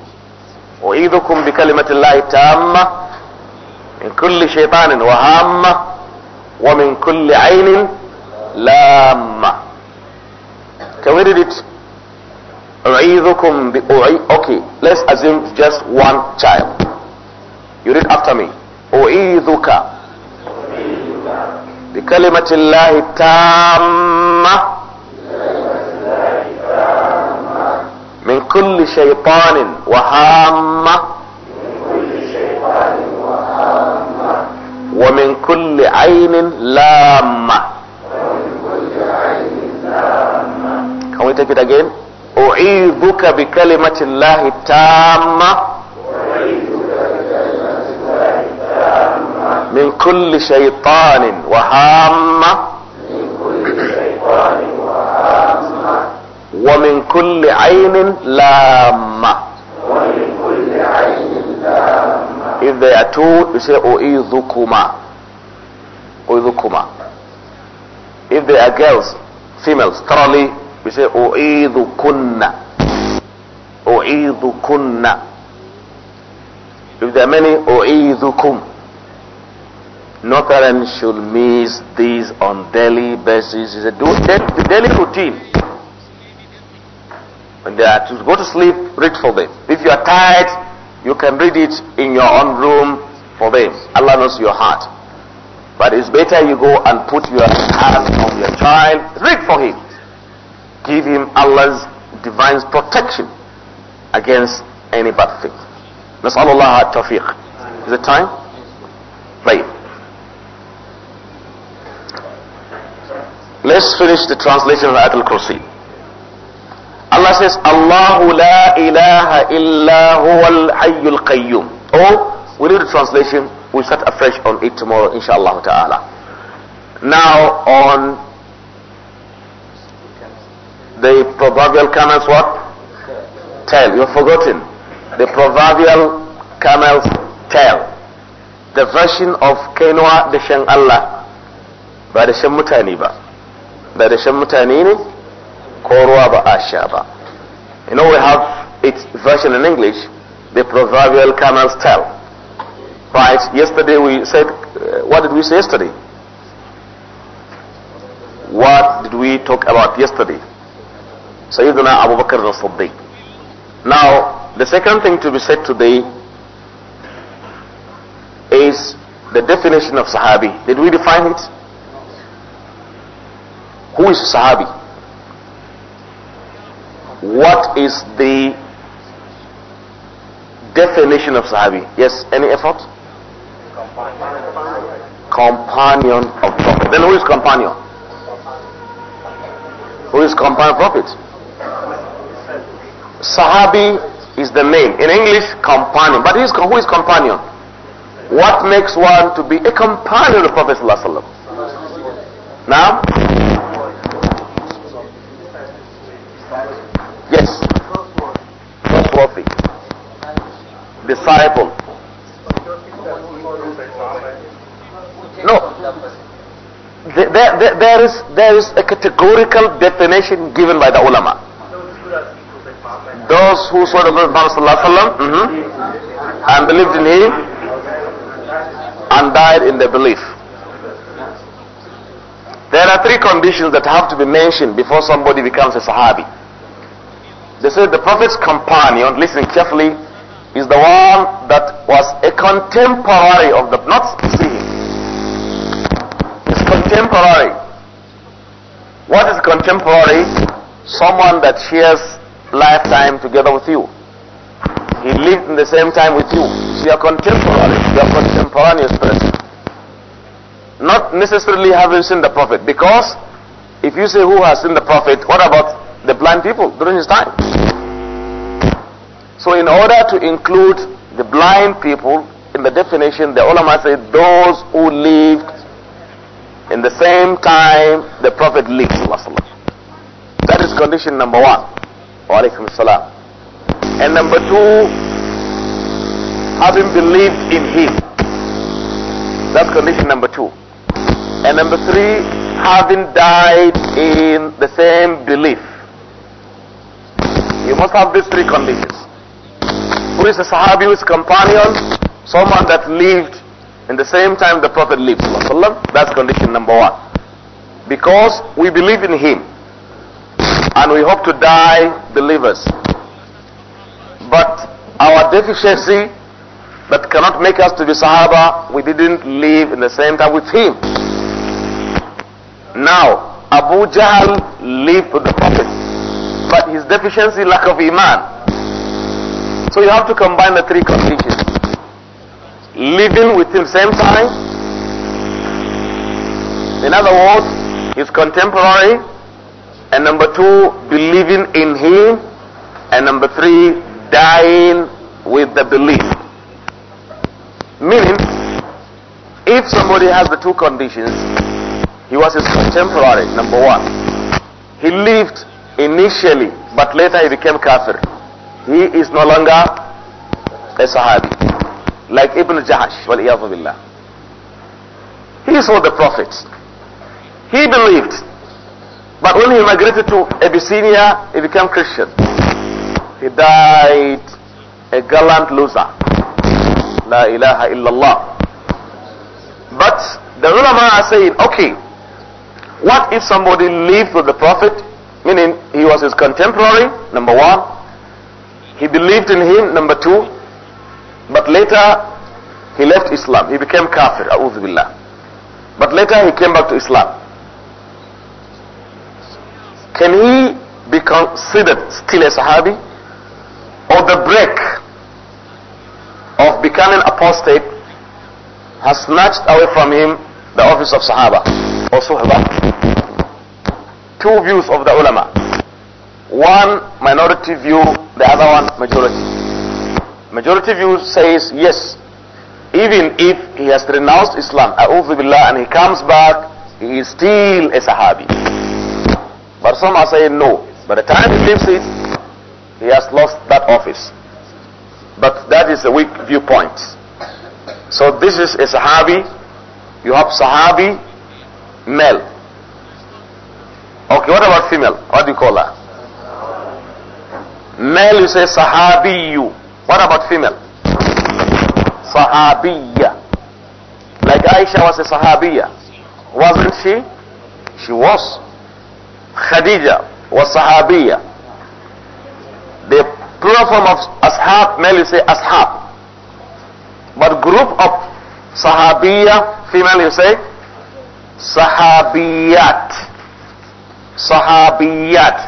أعيذكم بكلمة الله التامة من كل شيطان وهامة ومن كل عين لامة Can we read it? Okay, let's assume just one child. You read after me. أعيذك بكلمة الله التامة من كل شيطان وهامة ومن كل عين لامه we take it again أعيذك بكلمة الله التامة من كل شيطان وهامة ومن كل عين لامة are يأتون you say أعيذكما أعيذكما If they are girls, females, thoroughly We say, U'idu kunna. U'idu kunna. If there are many, U'idu kum. parent should miss these on daily basis. It's a do, the daily routine. When they are to go to sleep, read for them. If you are tired, you can read it in your own room for them. Allah knows your heart. But it's better you go and put your hand on your child, read for him give him Allah's divine protection against any bad thing. نسأل الله التوفيق. Is it time? Right. Let's finish the translation of Ayatul Kursi. Allah says, Allahu la ilaha illa huwal hayyul qayyum. Oh, we need a translation. We'll start afresh on it tomorrow, inshallah ta'ala. Now on the proverbial camel's what? Tail. You've forgotten. The proverbial camel's tail. The version of Kenwa the shan Allah by the shemutani ba. by the shemutani ni, ne ba a ba. You know we have its version in English, the proverbial camel's tail. Right, yesterday we said, uh, what did we say yesterday? What did we talk about yesterday? Sayyidina Abu Bakr as-Siddiq. Now, the second thing to be said today is the definition of Sahabi. Did we define it? Who is Sahabi? What is the definition of Sahabi? Yes, any effort? Companion of Prophet. Then who is companion? Who is companion Prophet? Sahabi is the name. In English, companion. But who is companion? What makes one to be a companion of the Prophet ﷺ? Now? Yes. Trustworthy. Disciple. No. There, there, there, is, there is a categorical definition given by the ulama those who saw the Prophet Muhammad mm-hmm, and believed in him and died in the belief. There are three conditions that have to be mentioned before somebody becomes a Sahabi. They said the Prophet's companion, listening carefully, is the one that was a contemporary of the not see contemporary what is contemporary someone that shares lifetime together with you. He lived in the same time with you. You are contemporary. You are contemporaneous person. Not necessarily having seen the prophet. Because if you say who has seen the prophet, what about the blind people during his time? So in order to include the blind people in the definition, the ulama say those who lived in the same time the prophet lived. That is condition number one. Walaikum salam. And number two, having believed in him. That's condition number two. And number three, having died in the same belief. You must have these three conditions. Who is a Sahabi, who is companion, someone that lived in the same time the Prophet lived. That's condition number one. Because we believe in him and we hope to die believers. But our deficiency that cannot make us to be Sahaba, we didn't live in the same time with him. Now, Abu Jahl lived with the Prophet, but his deficiency, lack of Iman. So you have to combine the three conditions. Living with him same time. In other words, his contemporary and number two, believing in him. And number three, dying with the belief. Meaning, if somebody has the two conditions, he was his contemporary, number one. He lived initially, but later he became kafir. He is no longer a Sahabi. Like Ibn Jahash, billah. He saw the prophets. He believed but when he migrated to Abyssinia, he became Christian. He died a gallant loser. La ilaha illallah. But the ulama are saying, okay, what if somebody lived with the Prophet, meaning he was his contemporary, number one. He believed in him, number two. But later, he left Islam. He became kafir, a'udhu billah. But later he came back to Islam can he be considered still a Sahabi? Or the break of becoming apostate has snatched away from him the office of Sahaba or Suhaba? Two views of the ulama. One minority view, the other one majority. Majority view says yes, even if he has renounced Islam, A'udhu Billah, and he comes back, he is still a Sahabi. But some are saying no. By the time he leaves it, he has lost that office. But that is a weak viewpoint. So this is a Sahabi. You have Sahabi, male. Okay, what about female? What do you call her? Male, you say You. What about female? Sahabiya. Like Aisha was a Sahabiya. Wasn't she? She was. Khadija was Sahabiya. The plural form of Ashab male you say Ashab. But group of Sahabiya female you say Sahabiyat. Sahabiyat.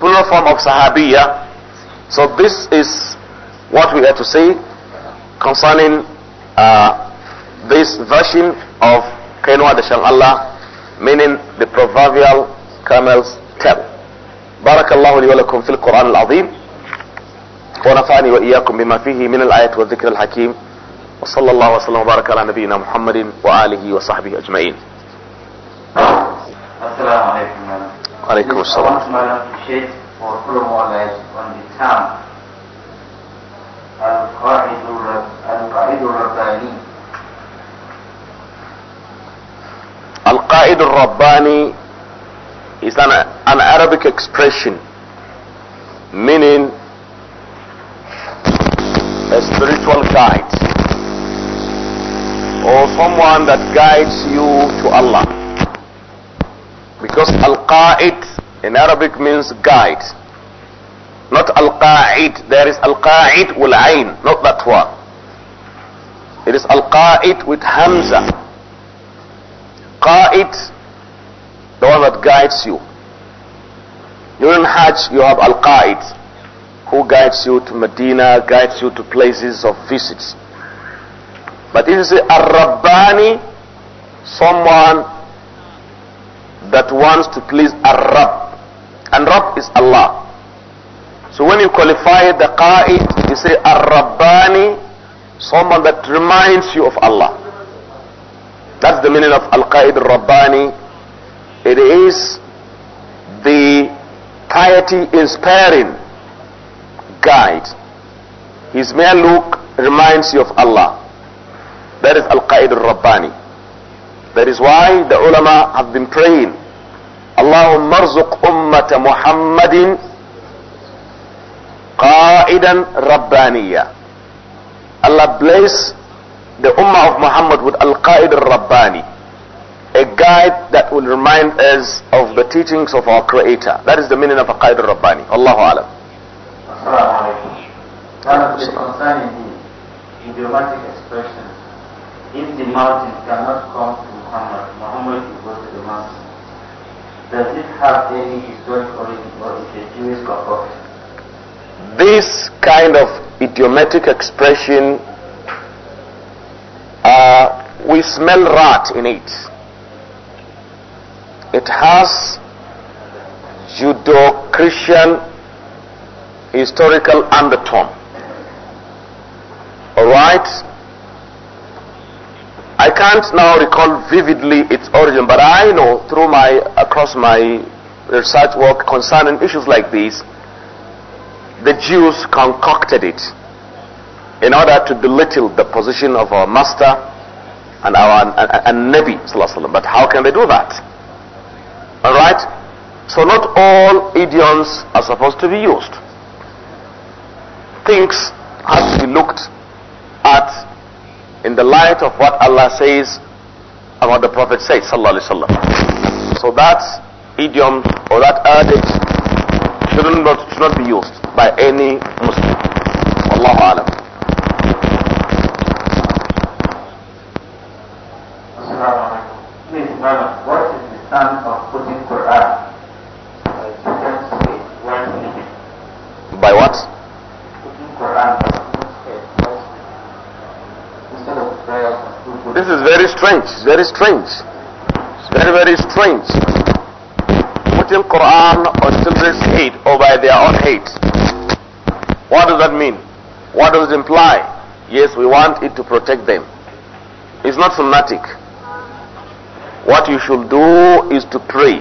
Plural form of Sahabiya. So this is what we have to say concerning uh, this version of Kainwa Dashan Allah meaning the proverbial camel's tail بارك الله لي ولكم في القرآن العظيم ونفعني وإياكم بما فيه من الآيات والذكر الحكيم وصلى الله وسلم وبارك على نبينا محمد وآله وصحبه أجمعين السلام عليكم وعليكم السلام القاعد الرباني Al-Qaid al-Rabbani is an, an Arabic expression meaning a spiritual guide or someone that guides you to Allah because Al-Qaid in Arabic means guide not Al-Qaid there is Al-Qaid wal-Ain not that one it is Al-Qaid with Hamza Qa'id, the one that guides you. During Hajj, you have Al-Qa'id, who guides you to Medina, guides you to places of visits. But if you say Ar-Rabbani, someone that wants to please Ar-Rabb. And Rabb is Allah. So when you qualify the Qa'id, you say Ar-Rabbani, someone that reminds you of Allah. That's the meaning of Al-Qaid Rabani. It is the piety inspiring guide. His mere look reminds you of Allah. That is Al-Qaid Rabani. That is why the ulama have been praying. Allahumma arzuq ummata Muhammadin qa'idan rabbaniya. Allah bless the Ummah of Muhammad with Al-Qaid al-Rabbani, a guide that will remind us of the teachings of our Creator. That is the meaning of Al-Qaid al-Rabbani. Allahu Alam. One of the concerning idiomatic expressions, if the mountain cannot come to Muhammad, Muhammad will go to the mountain. Does it have any historic origin or is it Jewish concoction? This kind of idiomatic expression uh, we smell rat in it. It has Judo-Christian historical undertone. Alright? I can't now recall vividly its origin, but I know through my, across my research work concerning issues like these, the Jews concocted it in order to belittle the position of our master and our and, Nabi but how can they do that all right so not all idioms are supposed to be used things have to be looked at in the light of what Allah says and what the Prophet says sallallahu alaihi wasallam so that idiom or that adage should not should not be used by any Muslim Allahu alam what is the time of putting Quran by what? Putting Quran This is very strange, very strange, very very strange. Putting Quran on children's head or by their own head. What does that mean? What does it imply? Yes, we want it to protect them. It's not fanatic what you should do is to pray.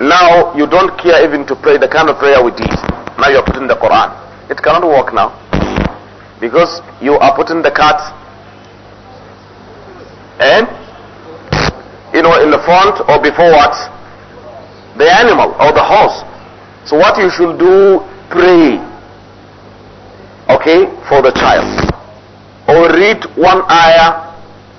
Now you don't care even to pray the kind of prayer we did. Now you are putting the Quran. It cannot work now. Because you are putting the cat and eh? you know in the front or before what? The animal or the horse. So what you should do, pray. Okay, for the child. Or read one ayah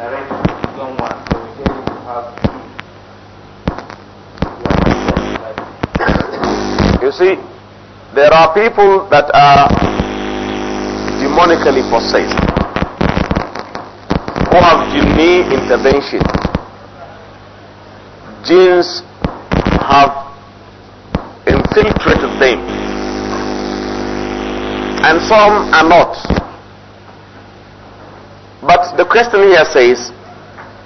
so we have You see, there are people that are demonically possessed who have genie intervention. Genes have infiltrated them, and some are not. The question here says,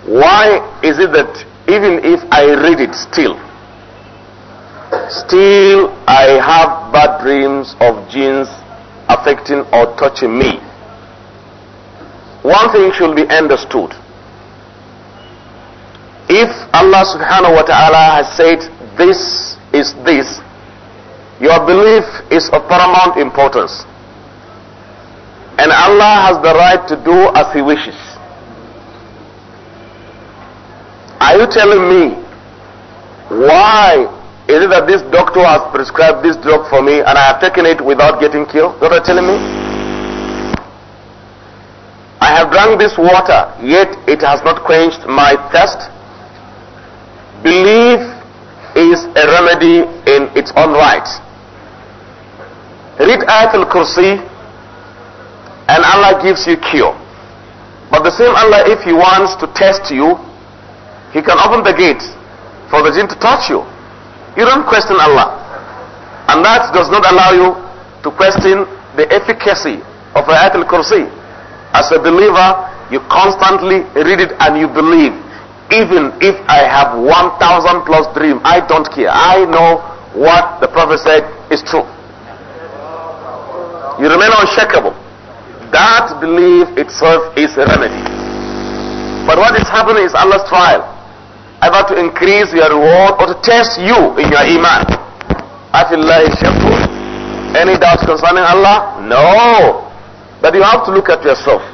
why is it that even if I read it still, still I have bad dreams of genes affecting or touching me? One thing should be understood. If Allah subhanahu wa ta'ala has said this is this, your belief is of paramount importance. And Allah has the right to do as He wishes. Are you telling me why is it that this doctor has prescribed this drug for me and I have taken it without getting killed? What are you telling me? I have drunk this water, yet it has not quenched my thirst. Belief is a remedy in its own right. Read Ayatul Kursi and Allah gives you cure. But the same Allah, if He wants to test you, He can open the gate for the jinn to touch you. You don't question Allah. And that does not allow you to question the efficacy of Ayatul Kursi. As a believer, you constantly read it and you believe. Even if I have 1000 plus dream, I don't care. I know what the Prophet said is true. You remain unshakable. That belief itself is a remedy. But what is happening is Allah's trial. Either to increase your reward or to test you in your iman. Afillah is Any doubts concerning Allah? No. But you have to look at yourself.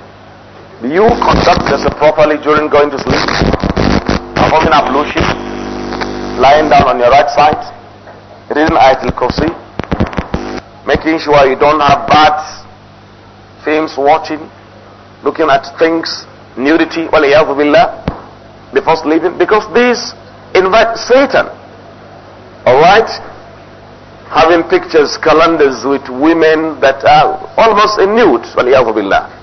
Do you conduct yourself properly during going to sleep? Performing ablution? Lying down on your right side? Reading Ayatul Kursi? Making sure you don't have bad films, watching, looking at things, nudity, billah, before sleeping, because these invite Satan. Alright? Having pictures, calendars with women that are almost nude, billah.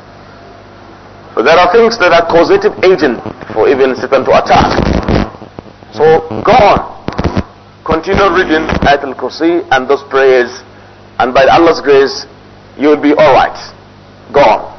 So there are things that are causative agent for even Satan to attack. So go on. Continue reading Ayatul Kursi and those prayers and by Allah's grace you will be alright. Gone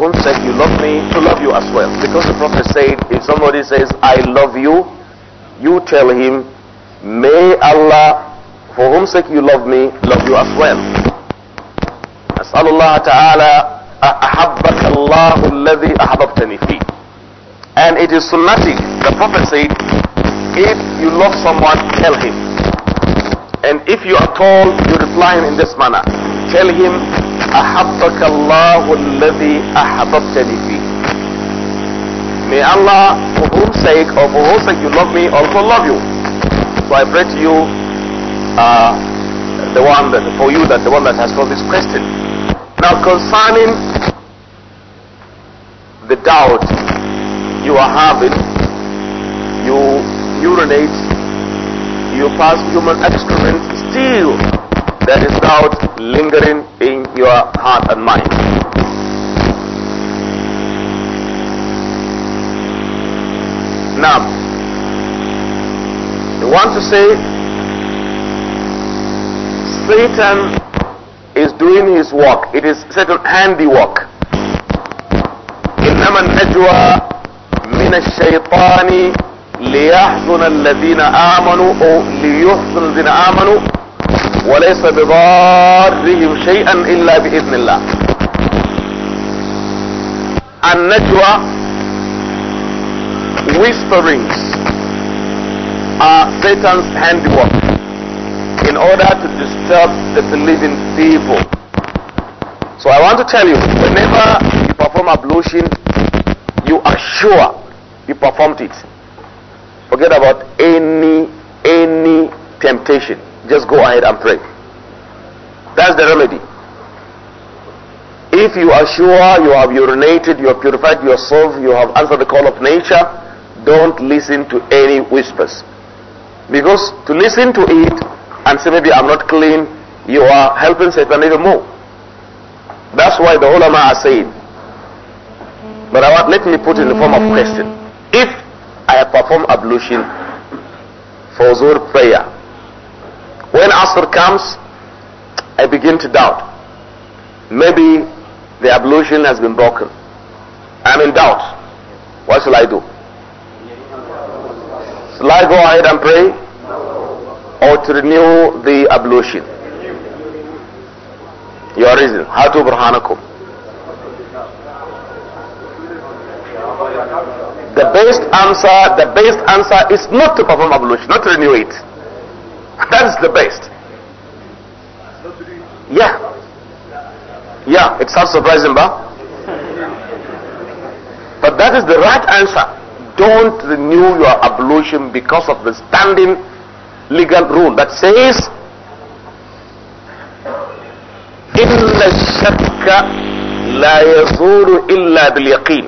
whom said you love me to love you as well. Because the Prophet said if somebody says I love you, you tell him may Allah for whom sake you love me, love you as well. أسأل taala And it is sunnatic. The Prophet said, if you love someone, tell him. And if you are told, you reply in this manner. Tell him, أحبك الله الذي أحببتني فيه May Allah, for whose sake or for whose sake you love me, also love you. So I pray to you, uh, the one that for you that the one that has posed this question. Now concerning the doubt you are having, you urinate, you pass human excrement, still there is doubt lingering your heart and mind. Now, you want to say Satan is doing his work. It is Satan's handiwork. إنما النجوى من الشيطان ليحزن الذين آمنوا أو ليحزن الذين آمنوا وليس بضارهم شيئا إلا بإذن الله النجوى whisperings are Satan's handiwork in order to disturb the believing people. So I want to tell you, whenever you perform ablution, you are sure you performed it. Forget about any, any temptation just go ahead and pray. That's the remedy. If you are sure you have urinated, you have purified yourself, you have answered the call of nature, don't listen to any whispers. Because to listen to it and say maybe I'm not clean, you are helping Satan even more. That's why the ulama are saying. But I want, let me put in the form of question. If I perform ablution for Zuhr prayer, when Asr comes, I begin to doubt. Maybe the ablution has been broken. I'm in doubt. What shall I do? Shall I go ahead and pray? Or to renew the ablution? Your reason. How to Burhanakum. The best answer, the best answer is not to perform ablution, not to renew it. That is the best. Yeah. Yeah, it sounds surprising, but but that is the right answer. Don't renew your ablution because of the standing legal rule that says إِنَّ الشَّكَّ لَا يَزُولُ إِلَّا بِالْيَقِينِ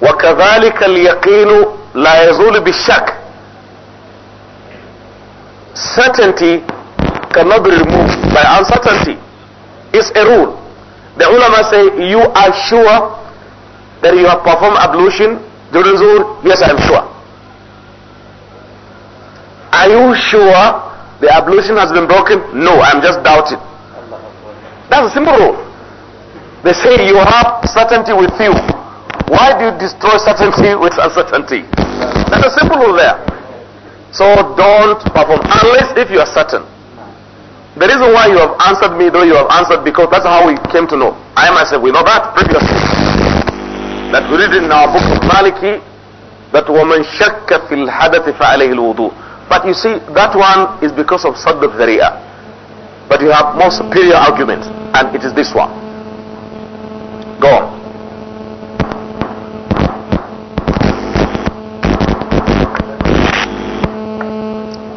وَكَذَلِكَ الْيَقِينُ لَا يَزُولُ بِالشَّكِّ certainty cannot be removed by uncertainty. It's a rule. The ulama say, you are sure that you have performed ablution during zuhr? Yes, I am sure. Are you sure the ablution has been broken? No, I'm just doubting. That's a simple rule. They say you have certainty with you. Why do you destroy certainty with uncertainty? That's a simple rule there. So don't perform unless if you are certain. The reason why you have answered me though you have answered because that's how we came to know. I myself we know that previously. That we read in our book of Maliki that woman shakka fil hadath fa'alayhi wudu But you see that one is because of sadd al But you have more superior argument and it is this one. Go on.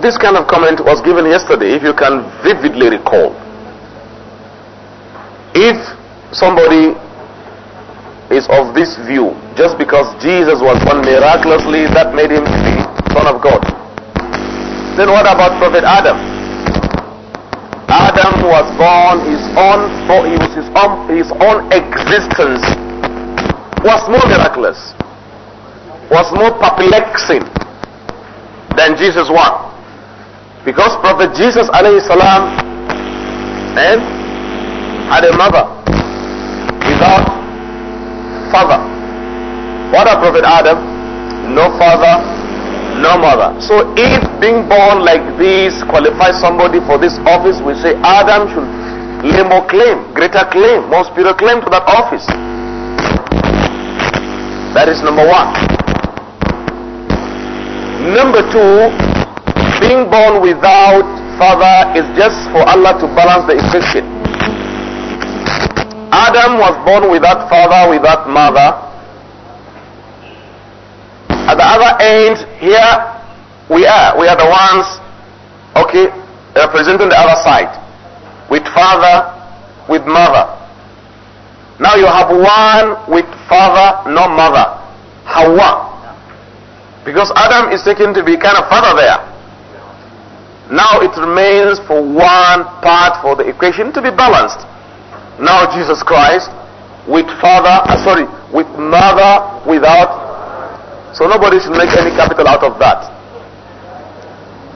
This kind of comment was given yesterday, if you can vividly recall. If somebody is of this view, just because Jesus was born miraculously, that made him the Son of God. Then what about Prophet Adam? Adam was born his own, he was his own, his own existence was more miraculous, was more perplexing than Jesus one. Because Prophet Jesus alayhi salam and had a mother without father. What a Prophet Adam? No father, no mother. So if being born like this qualifies somebody for this office, we say Adam should lay more claim, greater claim, more spiritual claim to that office. That is number one. Number two, being born without father is just for Allah to balance the equation. Adam was born without father, without mother. At the other end, here we are. We are the ones, okay, representing the other side. With father, with mother. Now you have one with father, no mother. Hawa. Because Adam is taken to be kind of father there. Now it remains for one part for the equation to be balanced. Now Jesus Christ with father, uh, sorry, with mother without. So nobody should make any capital out of that.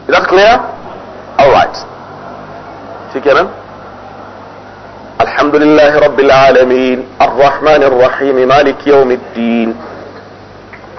Is that clear? Alright. شكرا الحمد لله رب